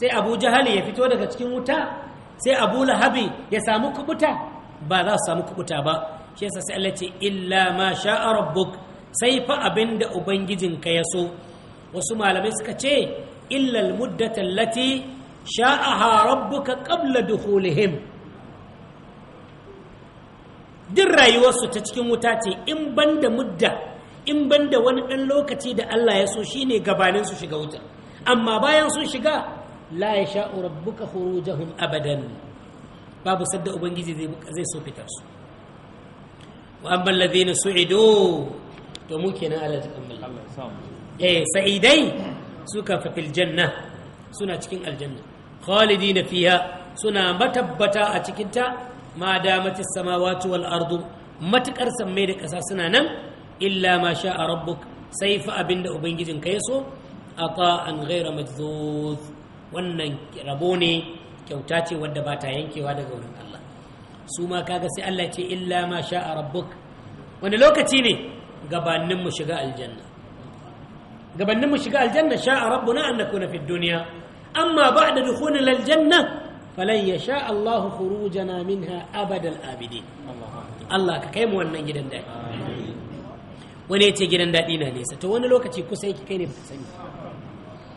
sai abu jahali ya fito daga cikin wuta sai abu lahabi ya samu kubuta ba za su samu kubuta ba shi yasa sai Allah ce illa ma sha'a rabbuk sai fa abinda ka ya so wasu malamai suka ce illar muddatan lati sha'aha rabbuka qabla dukhulihim duk rayuwarsu ta cikin wuta ce in banda mudda in banda wani ɗan lokaci da Allah ya so shine gabanin su shiga wuta amma bayan sun shiga la ya sha'u rabbuka khurujahum abadan babu sadda ubangiji zai so fitar su wa amman ladina su'idu to mu kenan Allah ya kammala eh sa'idai su fa fil janna suna cikin aljanna na fiya suna matabbata a cikin ta ma damatis samawati ardu matukar sammai da ƙasa suna nan illa ma a rabbuk sai fa abinda ubangijin ka yaso aqa'an ghayra majzuz wannan rabo ne kyauta ce wadda ba ta yankewa daga wurin Allah su ma kaga sai Allah ce illa ma a rabbuk wani lokaci ne gabanin mu shiga aljanna gabanin mu shiga aljanna sha'a rabbuna an nakuna fid dunya amma ba'da dukhulil aljanna falan yasha Allahu khurujana minha abadal abidin Allah ka kai mu wannan gidan daɗi wani ya ce gidan daɗi na nesa to wani lokaci kusa yake kai ne ba sani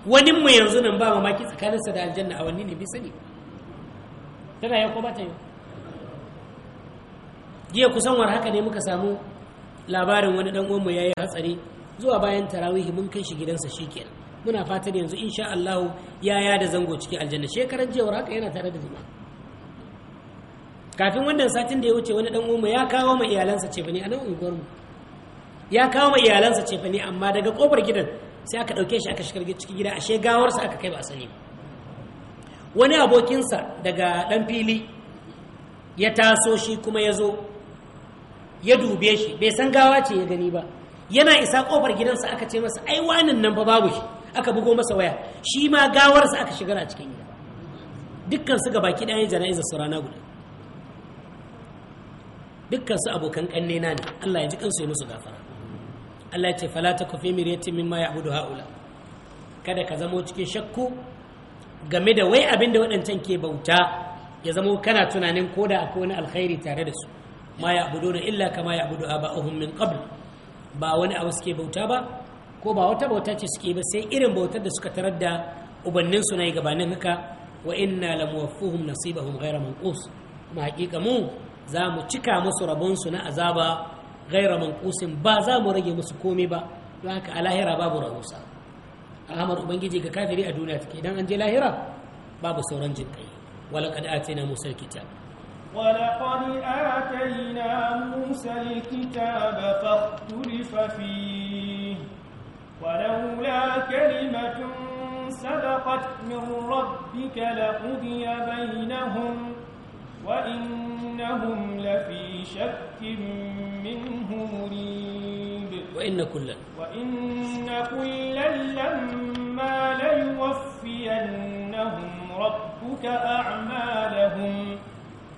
wani mu yanzu nan ba mamaki tsakaninsa da aljanna awanni ne bi sani tana yau ko ba ta yau jiya kusan war haka ne muka samu labarin wani dan uwan ya yi hatsari zuwa bayan tarawihi mun kai shi gidansa shikenan muna fatan yanzu insha Allah ya ya da zango cikin aljanna shekaran jiya war haka yana tare da jama'a kafin wannan satin da ya wuce wani dan uwanmu ya kawo ma iyalansa ce bane a nan unguwarmu ya kawo ma iyalansa ce bane amma daga kofar gidan sai aka ɗauke shi aka shigar cikin gida ashe gawarsa aka kai ba sani wani abokinsa daga dan fili ya taso shi kuma ya zo ya dube shi bai san gawa ce ya gani ba yana isa ƙofar gidansa aka ce masa ai wanin nan ba babu shi aka bugo masa waya shi ma gawarsa aka shigar a cikin gida dukkan su baki ɗaya jana'izar su rana guda dukkan su abokan na ne Allah ya ji kansu ya musu gafara Allah ya ce fala taku fi miryatin mimma ya'budu haula kada ka zamo cikin shakku game da wai abin da waɗancan ke bauta ya zamo kana tunanin koda akwai wani alkhairi tare da su ma ya'buduna illa kama ya'budu aba'uhum min qabl ba wani abu suke bauta ba ko ba wata bauta ce suke ba sai irin bautar da suka tarar da ubannin su na gabanin haka wa inna lamuwaffuhum nasibahum ghayra manqus kuma hakika mu za mu cika musu rabon su na azaba gaira kusin ba za mu rage musu komai ba don haka a lahira babu rahusa rahamar ubangiji ga kafiri a duniya take idan an je lahira babu sauran jin kai walaqad atina musa alkitab ولقد آتينا موسى الكتاب فاختلف فيه ولولا كلمة سبقت من ربك لقضي بينهم وإن إنهم لفي شك منه مريب وإن كلا وإن كلا لما ليوفينهم ربك أعمالهم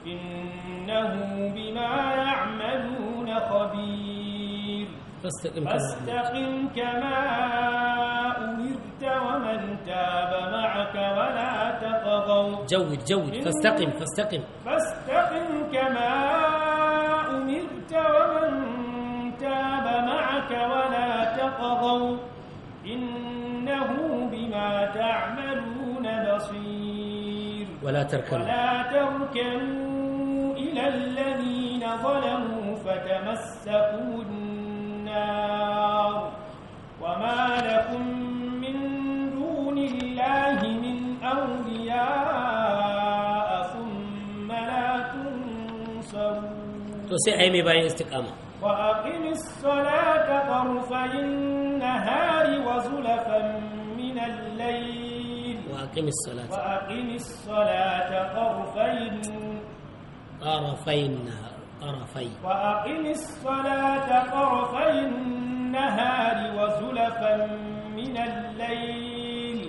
إنه بما يعملون خبير فاستقم, فاستقم كما أمرت ومن تاب معك ولا تطغوا جود جود فاستقم فاستقم فاستقم كما أمرت ومن تاب معك ولا تطغوا إنه بما تعملون بصير ولا تركنوا ولا تركنوا إلى الذين ظلموا فتمسكوا وما لكم من دون الله من أولياء ثم لا تنصرون استقامة وأقم الصلاة طرفي النهار وزلفا من الليل وأقم الصلاة وأقم الصلاة طرفي طرفي النهار طرفي وأقم الصلاة طرفي النهار النهار وزلفا من الليل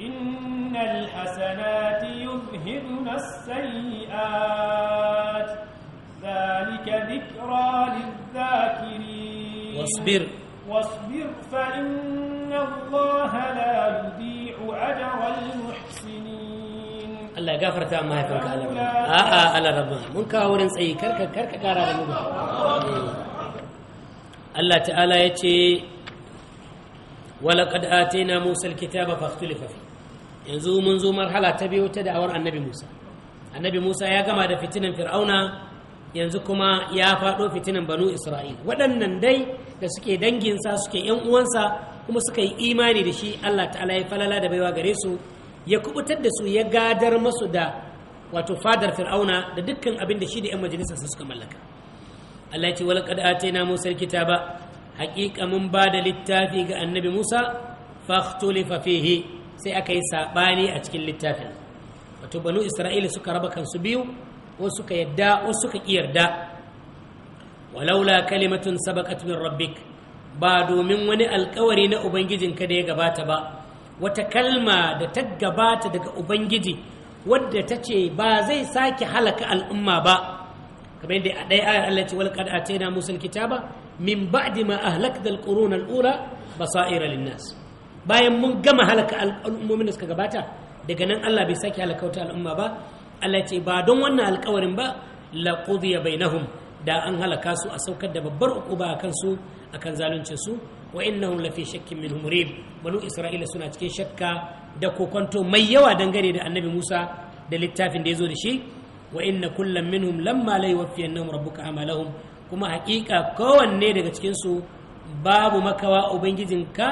إن الحسنات يذهبن السيئات ذلك ذكرى للذاكرين واصبر واصبر فإن الله لا يضيع أجر المحسنين الله قفرت ما يفرق على ربنا آآ على ربنا من كاورن سيكرك كرك كارا ربنا Allah ta'ala ya ce walaƙad na musa alkitaba fakhtulifa fi yanzu mun zo marhala ta biyu ta da'awar annabi musa annabi musa ya gama da fitinan fir'auna yanzu kuma ya faɗo fitinan banu isra'il waɗannan dai da suke danginsa suke yan uwansa kuma suka yi imani da shi allah ta'ala ya falala da baiwa gare su ya kubutar da su ya gadar masu da wato fadar fir'auna da dukkan abin da shi da yan majalisarsa suka mallaka Allah ce wal qad atayna Musa kitaba haƙiƙa mun ba da littafi ga annabi Musa fakhtulifa fihi sai aka yi saɓani a cikin littafin wato banu Isra'ila suka raba kansu biyu wasu suka yadda wasu suka yarda walaula kalimatun sabaqat min rabbik ba domin wani alkawari na ubangijinka da ya gabata ba wata kalma da ta gabata daga ubangiji wadda ta ce ba zai sake halaka al'umma ba kamar yadda a ɗaya ayar Allah ce wal qad atayna musul kitaba min ba'di ma ahlakna al-quruna al-ula basaira lin-nas bayan mun gama halaka al'ummomin da suka gabata daga nan Allah bai sake halaka wata al'umma ba Allah ce ba don wannan alƙawarin ba la qudiya bainahum da an halaka su a saukar da babbar uquba akan su akan zaluncin su wa innahum la fi shakkin minhum murib banu isra'ila suna cikin shakka da kokonto mai yawa dangane da annabi Musa da littafin da ya zo da shi wa inna kullum minhum lamma la yuwaffiyannahum rabbuka amalahum kuma haƙiƙa kowanne daga cikin su babu makawa ubangijinka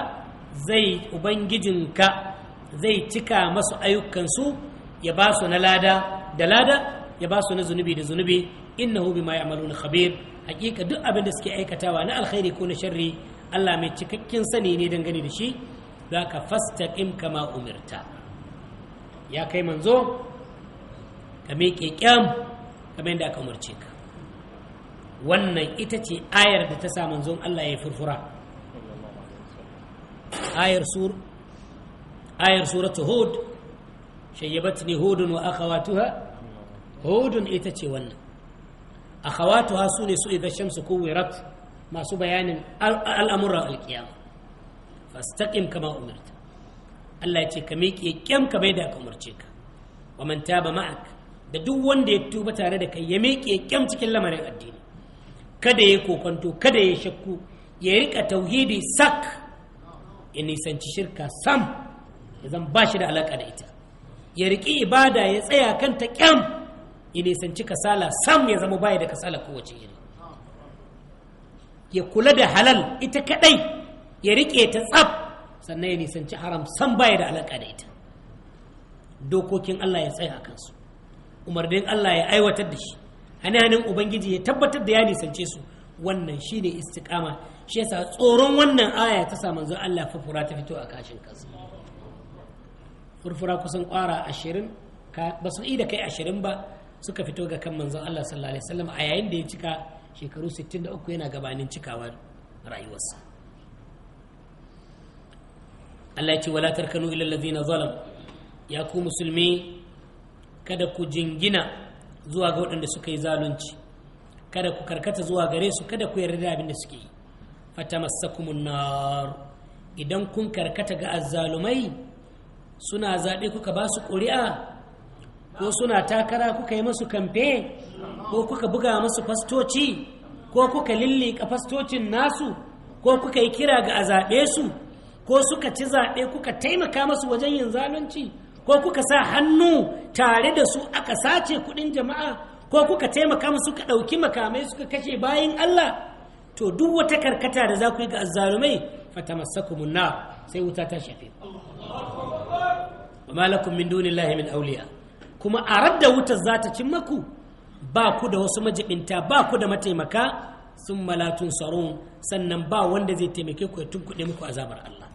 zai ubangijinka zai cika masu ayyukansu ya ba su na lada da lada ya ba su na zunubi da zunubi innahu bima ya'maluna khabir hakika duk abin da suke aikatawa na alkhairi ko na sharri Allah mai cikakken sani ne dangane da shi zaka fastaqim kama umirta ya kai manzo ka miƙe kyam kamar yadda aka umarce ka wannan ita ce ayar da ta samun zon Allah ya yi furfura ayar sur ayar suratu hud shayyabatni hudun wa akhawatuha hudun ita ce wannan akhawatuha sune su idan shamsu kuwirat masu bayanin al'amuran alkiyama fastaqim kama umarta Allah ya ce ka miƙe kyam kamar yadda aka umarce ka wa manta ba ma'aka da duk wanda ya tuba tare da kai ya miƙe kyam cikin lamarin addini kada ya kokonto kada ya shakku ya rika tauhidi sak ya nisanci shirka sam ya zan ba shi da alaka da ita ya riƙi ibada ya tsaya kanta kyam ya nisanci kasala sam ya zama baya da kasala kowace iri ya kula da halal ita kadai ya riƙe ta tsaf sannan ya nisanci haram sam baya da alaka da ita dokokin Allah ya tsaya a kansu umarnin Allah ya aiwatar da shi hanin ubangiji ya tabbatar da ya nisance su wannan shine istiqama shi yasa tsoron wannan aya ta sa manzon Allah furfura ta fito a kashin kansa furfura kusan kwara ashirin ba su da kai ashirin ba suka fito ga kan manzon Allah sallallahu alaihi wasallam a yayin da ya cika shekaru 63 yana gabanin cikawar rayuwarsa Allah ya ce wala tarkanu ila allazina zalam ya ku musulmi kada ku jingina zuwa ga waɗanda suka yi zalunci kada ku karkata zuwa gare su kada ku yarda da abin da suke yi fatamassakumun nar idan kun karkata ga azzalumai suna zaɓe kuka ba su ƙuri'a ko suna takara kuka yi masu kamfe ko kuka buga masu fastoci ko kuka lillika fastocin nasu ko kuka yi kira ga a zaɓe su ko suka ci zaɓe kuka taimaka masu wajen yin zalunci ko kuka sa hannu tare da su aka sace kuɗin jama'a ko kuka taimaka musu ka ɗauki makamai suka kashe bayan Allah to duk wata karkata da za ku yi ga azzalumai fatamassakumun nar sai wuta ta shafe wa malakum min dunillahi min awliya kuma a radda wutar za ta cin maku ba ku da wasu majibinta ba ku da mataimaka sun malatun tsaron sannan ba wanda zai taimake ku ya tunkuɗe muku azabar Allah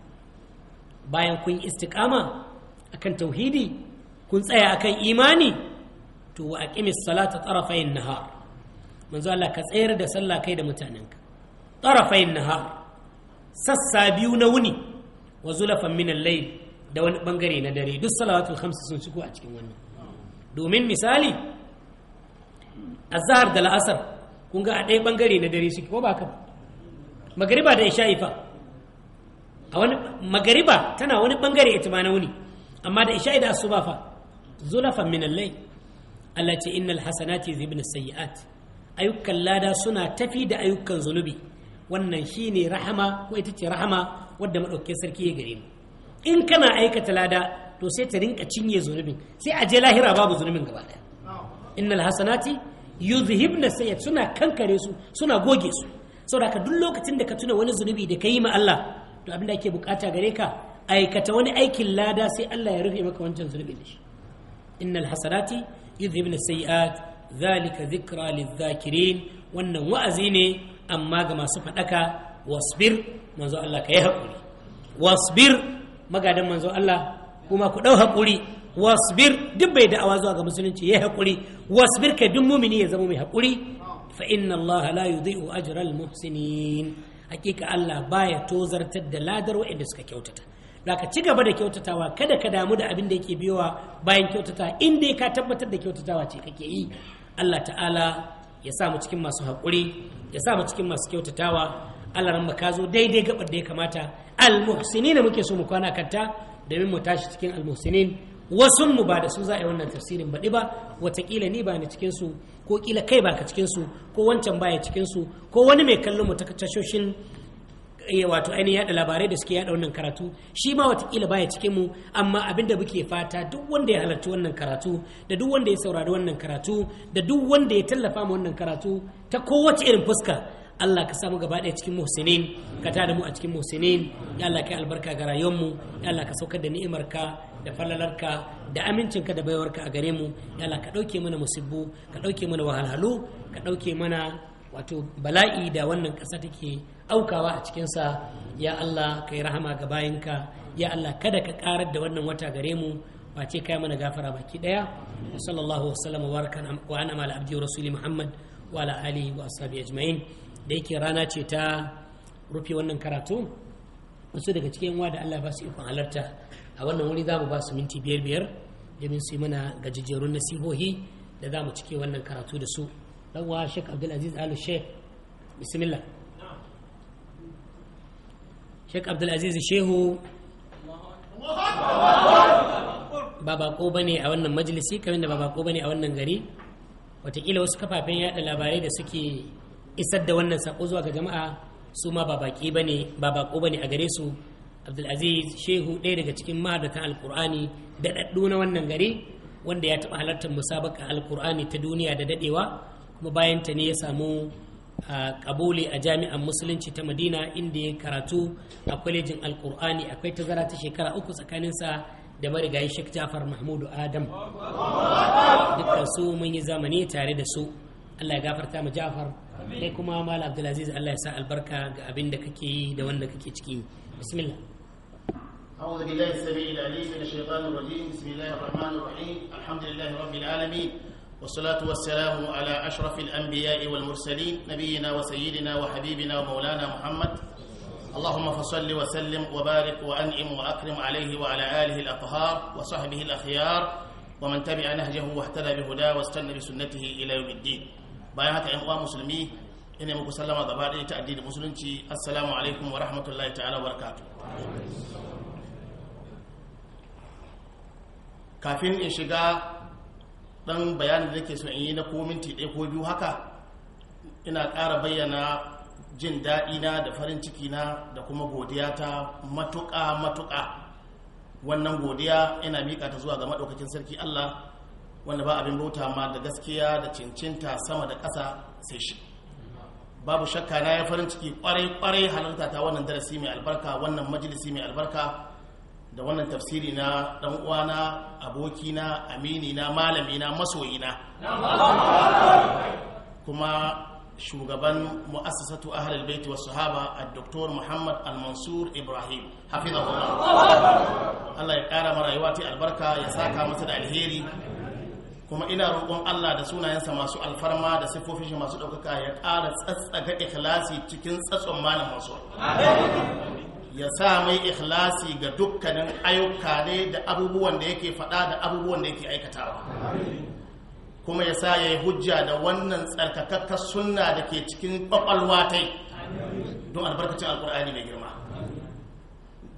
bayan kun istikama? akan tauhidi kun tsaya akan imani to wa aqimis salata tarafayn nahar manzo Allah ka tsayar da sallah kai da mutanenka tarafayn nahar sassa biyu na wuni wa zulafan min al-layl da wani bangare na dare duk salawatul khamsa sun shigo a cikin wannan domin misali azhar da la'asar kun ga a ɗaya bangare na dare shi, ko ba ka magariba da isha'i fa a wani magariba tana wani bangare ita ma na wuni amma da isha'i da asuba fa zulafan min allai Allah ce innal hasanati zibn sayyi'at ayyukan lada suna tafi da ayyukan zunubi wannan shine rahama ko ita ce rahama wadda madaukakin sarki ya gare mu in kana aikata lada to sai ta rinka cinye zunubin sai a je lahira babu zunubin gaba daya innal hasanati yuzhibna sayyi'at suna kankare su suna goge su saboda ka duk lokacin da ka tuna wani zunubi da ka yi ma Allah to abin da ake bukata gare ka aikata wani aikin lada sai Allah ya rufe maka wancan zunubi shi innal hasanati yudhibna sayiat zalika dhikra lidh-dhakirin wannan wa'azi ne amma ga masu fadaka wasbir manzo Allah kai hakuri wasbir magadan manzo Allah kuma ku dau hakuri wasbir duk bai da'awa zuwa ga musulunci yayi hakuri wasbir kai duk mumini ya zama mai hakuri fa inna Allah la yudhi'u ajral muhsinin hakika Allah baya tozartar da ladar waɗanda suka kyautata da ka ci gaba da kyautatawa kada ka damu da abin da yake biyowa bayan kyautata in dai ka tabbatar da kyautatawa ce kake yi Allah ta'ala ya sa mu cikin masu haƙuri ya sa mu cikin masu kyautatawa Allah ran ka zo daidai gabar da ya kamata almuhsinin muke so mu kwana kanta domin mu tashi cikin almuhsinin wasun mu ba da su za a yi wannan tafsirin baɗi ba watakila ni ba ni cikin su ko kila kai ba ka cikin su ko wancan baya cikin su ko wani mai kallon mu ta tashoshin Eh, wato ainihin yada labarai da suke yada wannan karatu shi ma watakila baya cikin mu amma abin da muke fata duk wanda ya halarci wannan karatu da duk wanda ya saurari wannan karatu da duk wanda ya tallafa ma wannan karatu ta kowace irin fuska Allah ka samu gaba ɗaya cikin muhsinin ka tada mu a cikin muhsinin ya Allah kai albarka ga rayuwar mu ya Allah ka saukar da ni'imarka da falalarka da amincinka da baiwarka a gare mu Allah ka ɗauke mana musibbu ka ɗauke mana wahalhalu ka ɗauke mana wato bala'i da wannan ƙasa take aukawa a cikinsa ya Allah kayi rahama ga bayinka ya Allah kada ka karar da wannan wata gare mu face kai mana gafara baki daya wa sallallahu wa sallama wa ana mala abdi rasuli muhammad wa ala alihi wa ashabi ajma'in da yake rana ce ta rufe wannan karatu wasu daga cikin wa da Allah ba su ikon halarta a wannan wuri za mu ba su minti biyar biyar domin su yi mana gajejjerun nasihohi da za mu cike wannan karatu da su dan wa Sheikh Abdul Aziz Alu Sheikh bismillah Sheikh Abdulaziz Shehu ba bako bane a wannan majalisi kamar da ba bako bane a wannan gari watakila wasu kafafen yada labarai da suke isar da wannan sako zuwa ga jama'a su ma ba baki bane ba bako bane a gare su Abdulaziz Shehu ɗaya daga cikin mahadatan Alkur'ani da daddu na wannan gari wanda ya taɓa halartar musabaka Alkur'ani ta duniya da dadewa kuma bayan ta ne ya samu a kabuli a jami'an musulunci ta madina inda ya karatu a kwalejin alkur'ani akwai tazara ta shekara uku tsakaninsa da marigayi shek jafar mahmudu adam dukkan su mun yi zamani tare da su allah ya gafarta ma jafar kai kuma mal abdulaziz allah ya sa albarka ga abin da kake yi da wanda kake ciki bismillah أعوذ بالله السميع العليم من الشيطان الرجيم بسم الله الرحمن الرحيم الحمد لله رب العالمين والصلاة والسلام على أشرف الأنبياء والمرسلين نبينا وسيدنا وحبيبنا ومولانا محمد اللهم فصل وسلم وبارك وأنئم وأكرم عليه وعلى آله الأطهار وصحبه الأخيار ومن تبع نهجه واهتدى بهداه واستنى بسنته إلى يوم الدين بايعك أيها مسلمين ina muku sallama gaba ɗaya ta addinin musulunci assalamu alaikum wa rahmatullahi ta'ala wa kafin in shiga dan bayanin da nake so in yi na ko minti ɗaya ko biyu haka ina ƙara bayyana jin daɗi na da farin ciki na da kuma godiya ta matuƙa matuƙa wannan godiya ina miƙa ta zuwa ga maɗaukakin sarki Allah wanda ba abin bauta ma da gaskiya da cincinta sama da ƙasa sai shi babu shakka na ya farin ciki ƙwarai ƙwarai halarta ta wannan darasi mai albarka wannan majalisi mai albarka da wannan tafsiri na dan uwana abokina aminina malamina masoyina kuma shugaban mu'assasatu ahlul bait was sahaba ad-doktor Muhammad al-Mansur Ibrahim hafizahullah Allah ya kara mara rayuwa ta albarka ya saka masa da alheri kuma ina roƙon Allah da sunayensa masu alfarma da siffofin shi masu ɗaukaka ya ƙara tsatsaga ikhlasi cikin tsatson malam mansur ya sa mai ikhlasi ga dukkanin ayyuka ne da abubuwan da yake faɗa da abubuwan da yake aikatawa kuma ya sa ya yi hujja da wannan tsarkakakkar sunna da ke cikin ƙwaƙwalwa ta don albarkacin alkur'ani mai girma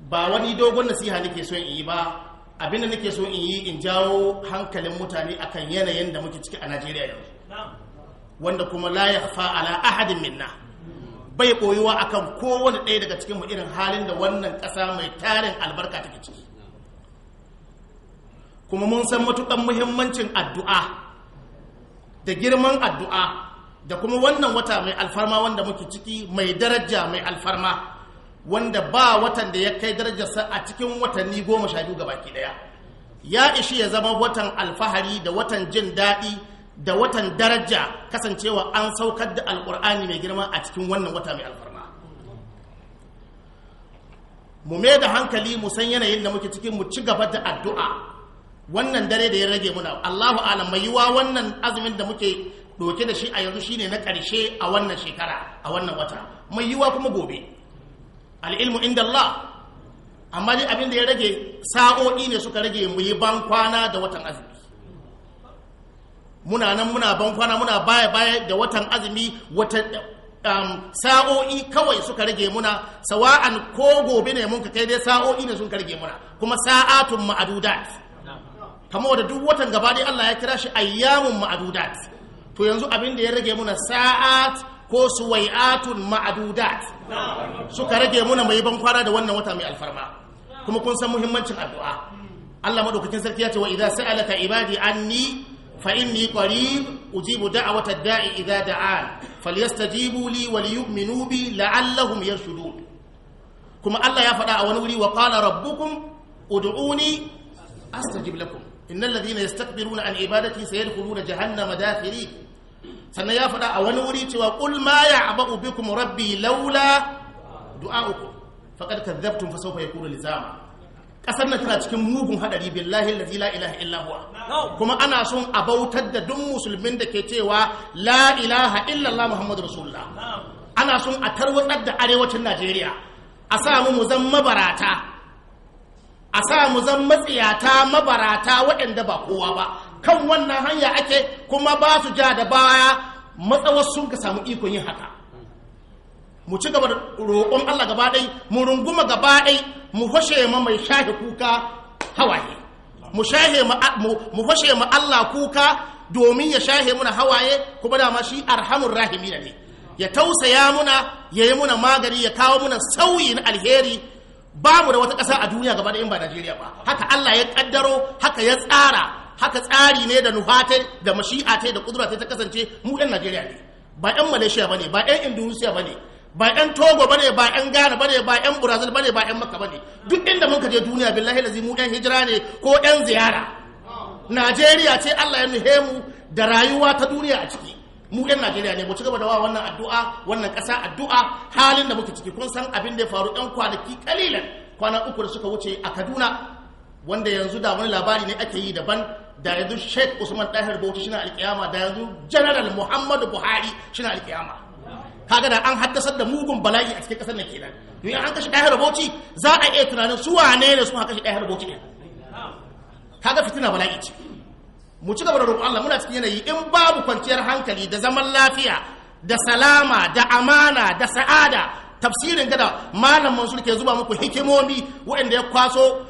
ba wani dogon nasiha nake so in yi ba abin da nake so in yi in jawo hankalin mutane akan yanayin da muke ciki a najeriya yau, wanda kuma la ya fa ahadin minna bai a kan kowane ɗaya daga cikin mu irin halin da wannan ƙasa mai tarin albarka take ciki kuma mun san matuɗan muhimmancin addu'a da girman addu'a da kuma wannan wata mai alfarma wanda muke ciki mai daraja mai alfarma wanda ba watan da ya kai darajarsa a cikin watanni goma sha biyu gabaki daya ya ishi ya zama watan alfahari da watan jin daɗi da watan daraja kasancewa an saukar da alkur'ani mai girma a cikin wannan wata mai alfarma mu mai da hankali mu san yanayin da muke cikin mu ci gaba da addu'a wannan dare da ya rage muna Allahu alam mai yiwa wannan azumin da muke doke da shi a yanzu shine na ƙarshe a wannan shekara a wannan wata mai yiwa kuma gobe al'ilmu inda Allah amma dai abin da ya rage sa'o'i ne suka rage mu yi ban kwana da watan azumi muna nan muna bankwana muna baya baya da watan azumi wata um, sa'o'i kawai suka rage muna sawa'an ko gobe ne mun kai dai sa'o'i ne sun rage muna kuma sa'atun ma'adudat kamar da duk watan gaba dai Allah ya kira shi ayyamun ma'adudat to yanzu abin da ya rage muna sa'at ko suwai'atun ma'adudat suka rage muna mai bankwana da wannan wata mai alfarma kuma kun san muhimmancin addu'a Allah madaukakin sarki ya ce wa idza sa'alaka ibadi anni فإني قريب أجيب دعوة الداعي إذا دعان فليستجيبوا لي وليؤمنوا بي لعلهم يرشدون كما الله يا فدا ونوري وقال ربكم ادعوني أستجب لكم إن الذين يستكبرون عن عبادتي سيدخلون جهنم داخلين سنة يا فدا ونوري وقل ما يعبأ بكم ربي لولا دعاؤكم فقد كذبتم فسوف يكون لزاما kasar na tana cikin mugun hadari billahi allazi la ilaha illa kuma ana son a bautar da duk musulmin da ke cewa la ilaha illa allah muhammadu rasulullah ana son a tarwatsar da arewacin najeriya a sa mu zan mabarata a sa mu zan matsiyata mabarata waɗanda ba kowa ba kan wannan hanya ake kuma ba su ja da baya matsawar sun ka samu ikon yin haka mu ci gaba da roƙon Allah gaba ɗai mu runguma gaba ɗai mu fashe ma mai shahe kuka hawaye mu shahe mu fashe ma Allah kuka domin ya shahe muna hawaye kuma ma shi arhamur rahimi ne ya tausaya muna ya yi muna magani ya kawo muna sauyi na alheri ba mu da wata ƙasa a duniya gaba in ba Najeriya ba haka Allah ya ƙaddaro haka ya tsara haka tsari ne da nuhatai da mashi'atai da kudura ta kasance mu 'yan Najeriya ne ba 'yan Malaysia ba ne ba 'yan Indonesia ba ne ba yan togo bane ba yan ghana bane ba yan brazil bane ba yan makka bane duk inda mun je duniya billahi lazi mu yan hijira ne ko yan ziyara najeriya ce allah ya nuhe mu da rayuwa ta duniya a ciki mu yan najeriya ne mu ci gaba da wa wannan addu'a wannan ƙasa addu'a halin da muke ciki kun san abin da ya faru yan kwanaki kalilan kwana uku da suka wuce a kaduna wanda yanzu da wani labari ne ake yi daban da yanzu sheikh usman ɗahir bauchi shi na alƙiyama da yanzu general muhammadu buhari shi na alƙiyama kaga da an haddasar da mugun bala'i a cikin kasar nan kenan ni an kashe ɗaya rabauci za a iya tunanin su wane ne su kashe ɗaya rabauci ɗin kaga fitina bala'i ce mu ci gaba da roƙon Allah muna cikin yanayi in babu kwanciyar hankali da zaman lafiya da salama da amana da sa'ada tafsirin gada malam Mansur ke zuba muku hikimomi waɗanda ya kwaso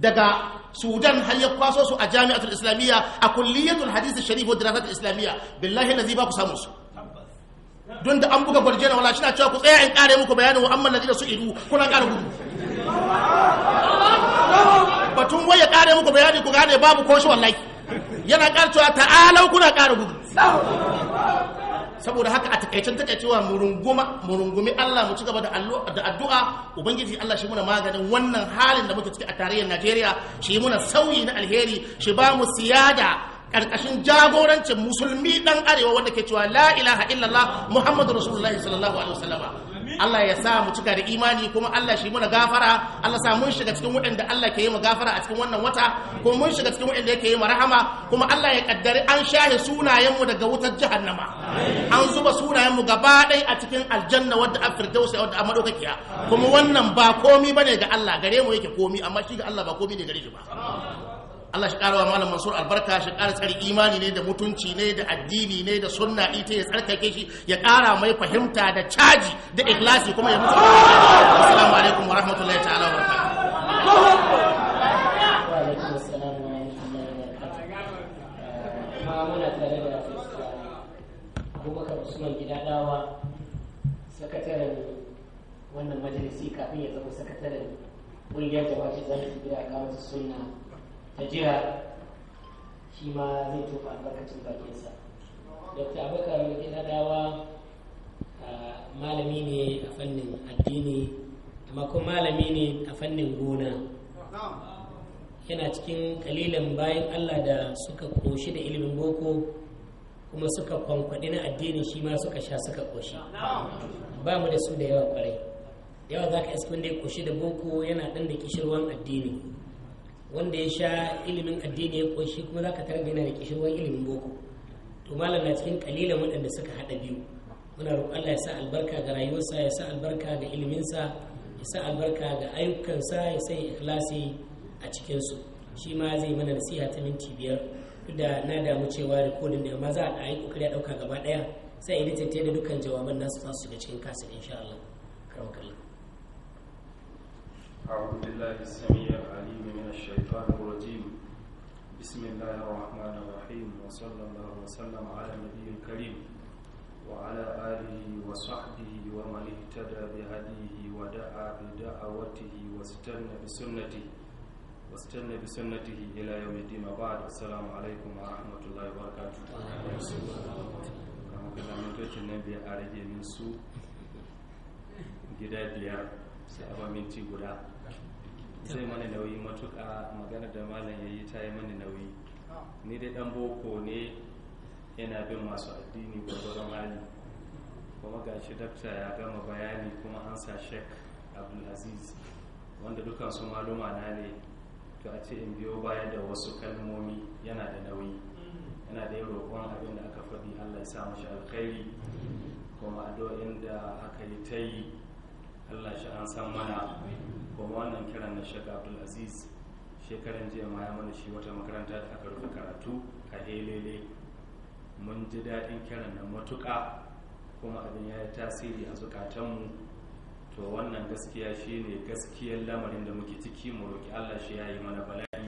daga sudan har ya kwaso su a jami'atul islamiyya a kulliyatul hadisi sharif wa dirasatul islamiyya billahi lazi ba ku samu su don da an buga na wala shi na cewa ku tsaya in kare muku bayanin wa amman da su idu kuna ƙara gudu batun waya kare muku bayanin ku gane babu ko shi wallahi yana kara cewa ta'alau kuna kara gudu saboda haka a takaicen cewa mu rungumi Allah mu ci gaba da addu'a ubangiji Allah shi muna maganin wannan halin da muke ciki a tarayyar Najeriya shi muna sauyi na alheri shi ba mu siyada ƙarƙashin jagorancin musulmi ɗan arewa wanda ke cewa la ilaha illallah muhammadu rasulullahi sallallahu alaihi Allah ya sa mu cika da imani kuma Allah shi muna gafara Allah sa mun shiga cikin waɗanda Allah ke yi mu gafara a cikin wannan wata kuma mun shiga cikin waɗanda yake yi mu rahama kuma Allah ya kaddari an shahe sunayen mu daga wutar jahannama an zuba sunayen mu gaba ɗaya a cikin aljanna wadda afirdausa firdausi wadda a kuma wannan ba komi bane ga Allah gare mu yake komi amma shi ga Allah ba komi ne gare shi ba Allah shi ƙara wa malam Mansur albarka shi ƙara tsari imani ne da mutunci ne da addini ne da sunna ita ya tsarkake shi ya ƙara mai fahimta da caji da ikhlasi kuma ya mutu assalamu alaikum wa rahmatullahi ta'ala wa abubakar usman gida dawa sakataren wannan majalisi kafin ya zama sakataren ƙungiyar jama'a shi zai gida a kawo sunna da jiya shi ma zai tofa albarkacin bakinsa dr abubakar na dawa malami ne a fannin addini amma kuma malami ne a fannin gona yana cikin kalilan bayan allah da suka koshi da ilimin boko kuma suka kwankwaɗi na addini shi ma suka sha suka koshi ba mu da su da yawa kwarai yawa za ka iskun da koshi da boko yana ɗan da kishirwan addini wanda ya sha ilimin addini ya koshi kuma za ka tarar da yana da kishirwan ilimin boko to malam na cikin kalilan waɗanda suka haɗa biyu muna roƙon Allah ya sa albarka ga rayuwarsa ya sa albarka ga iliminsa ya sa albarka ga ayyukansa ya sa ikhlasi a cikin su shi ma zai mana nasiha ta minti biyar duk da na damu cewa rikodin ne amma za a yi kokari a ɗauka gaba ɗaya sai editin ta da dukkan jawaban nasu za su shiga cikin kasir insha Allah karamakallah أعوذ بالله السميع العليم من الشيطان الرجيم بسم الله الرحمن الرحيم وصلى الله وسلم على النبي الكريم وعلى آله وصحبه ومن اهتدى بهديه ودعا بدعوته واستنى بسنته واستنى بسنته إلى يوم الدين بعد السلام عليكم ورحمة الله وبركاته kamar kada mintocin nan bai a rage min su gida biyar sai a minti guda zai mani nauyi matuƙa magana da malam ya yi ta yi mani nauyi ni dai ɗan boko ne yana bin masu addini gwagwaron hali kuma ga shi dakta ya gama bayani kuma an sa shek abdulaziz wanda dukansu maluma na ne to a ce in biyo baya da wasu kalmomi yana da nauyi yana da yin roƙon abin da aka faɗi allah ya sa mashi alkhairi kuma addu'o'in da aka yi ta yi allah shi an san mana kuma wannan kiran na shek abdulaziz shekaran jiya ma ya mana shi wata makaranta da aka rufe karatu a helele mun ji daɗin kiran na matuƙa kuma abin ya yi tasiri a zukatanmu to wannan gaskiya shine gaskiyar lamarin da muke ciki mu roƙi allah shi ya yi mana bala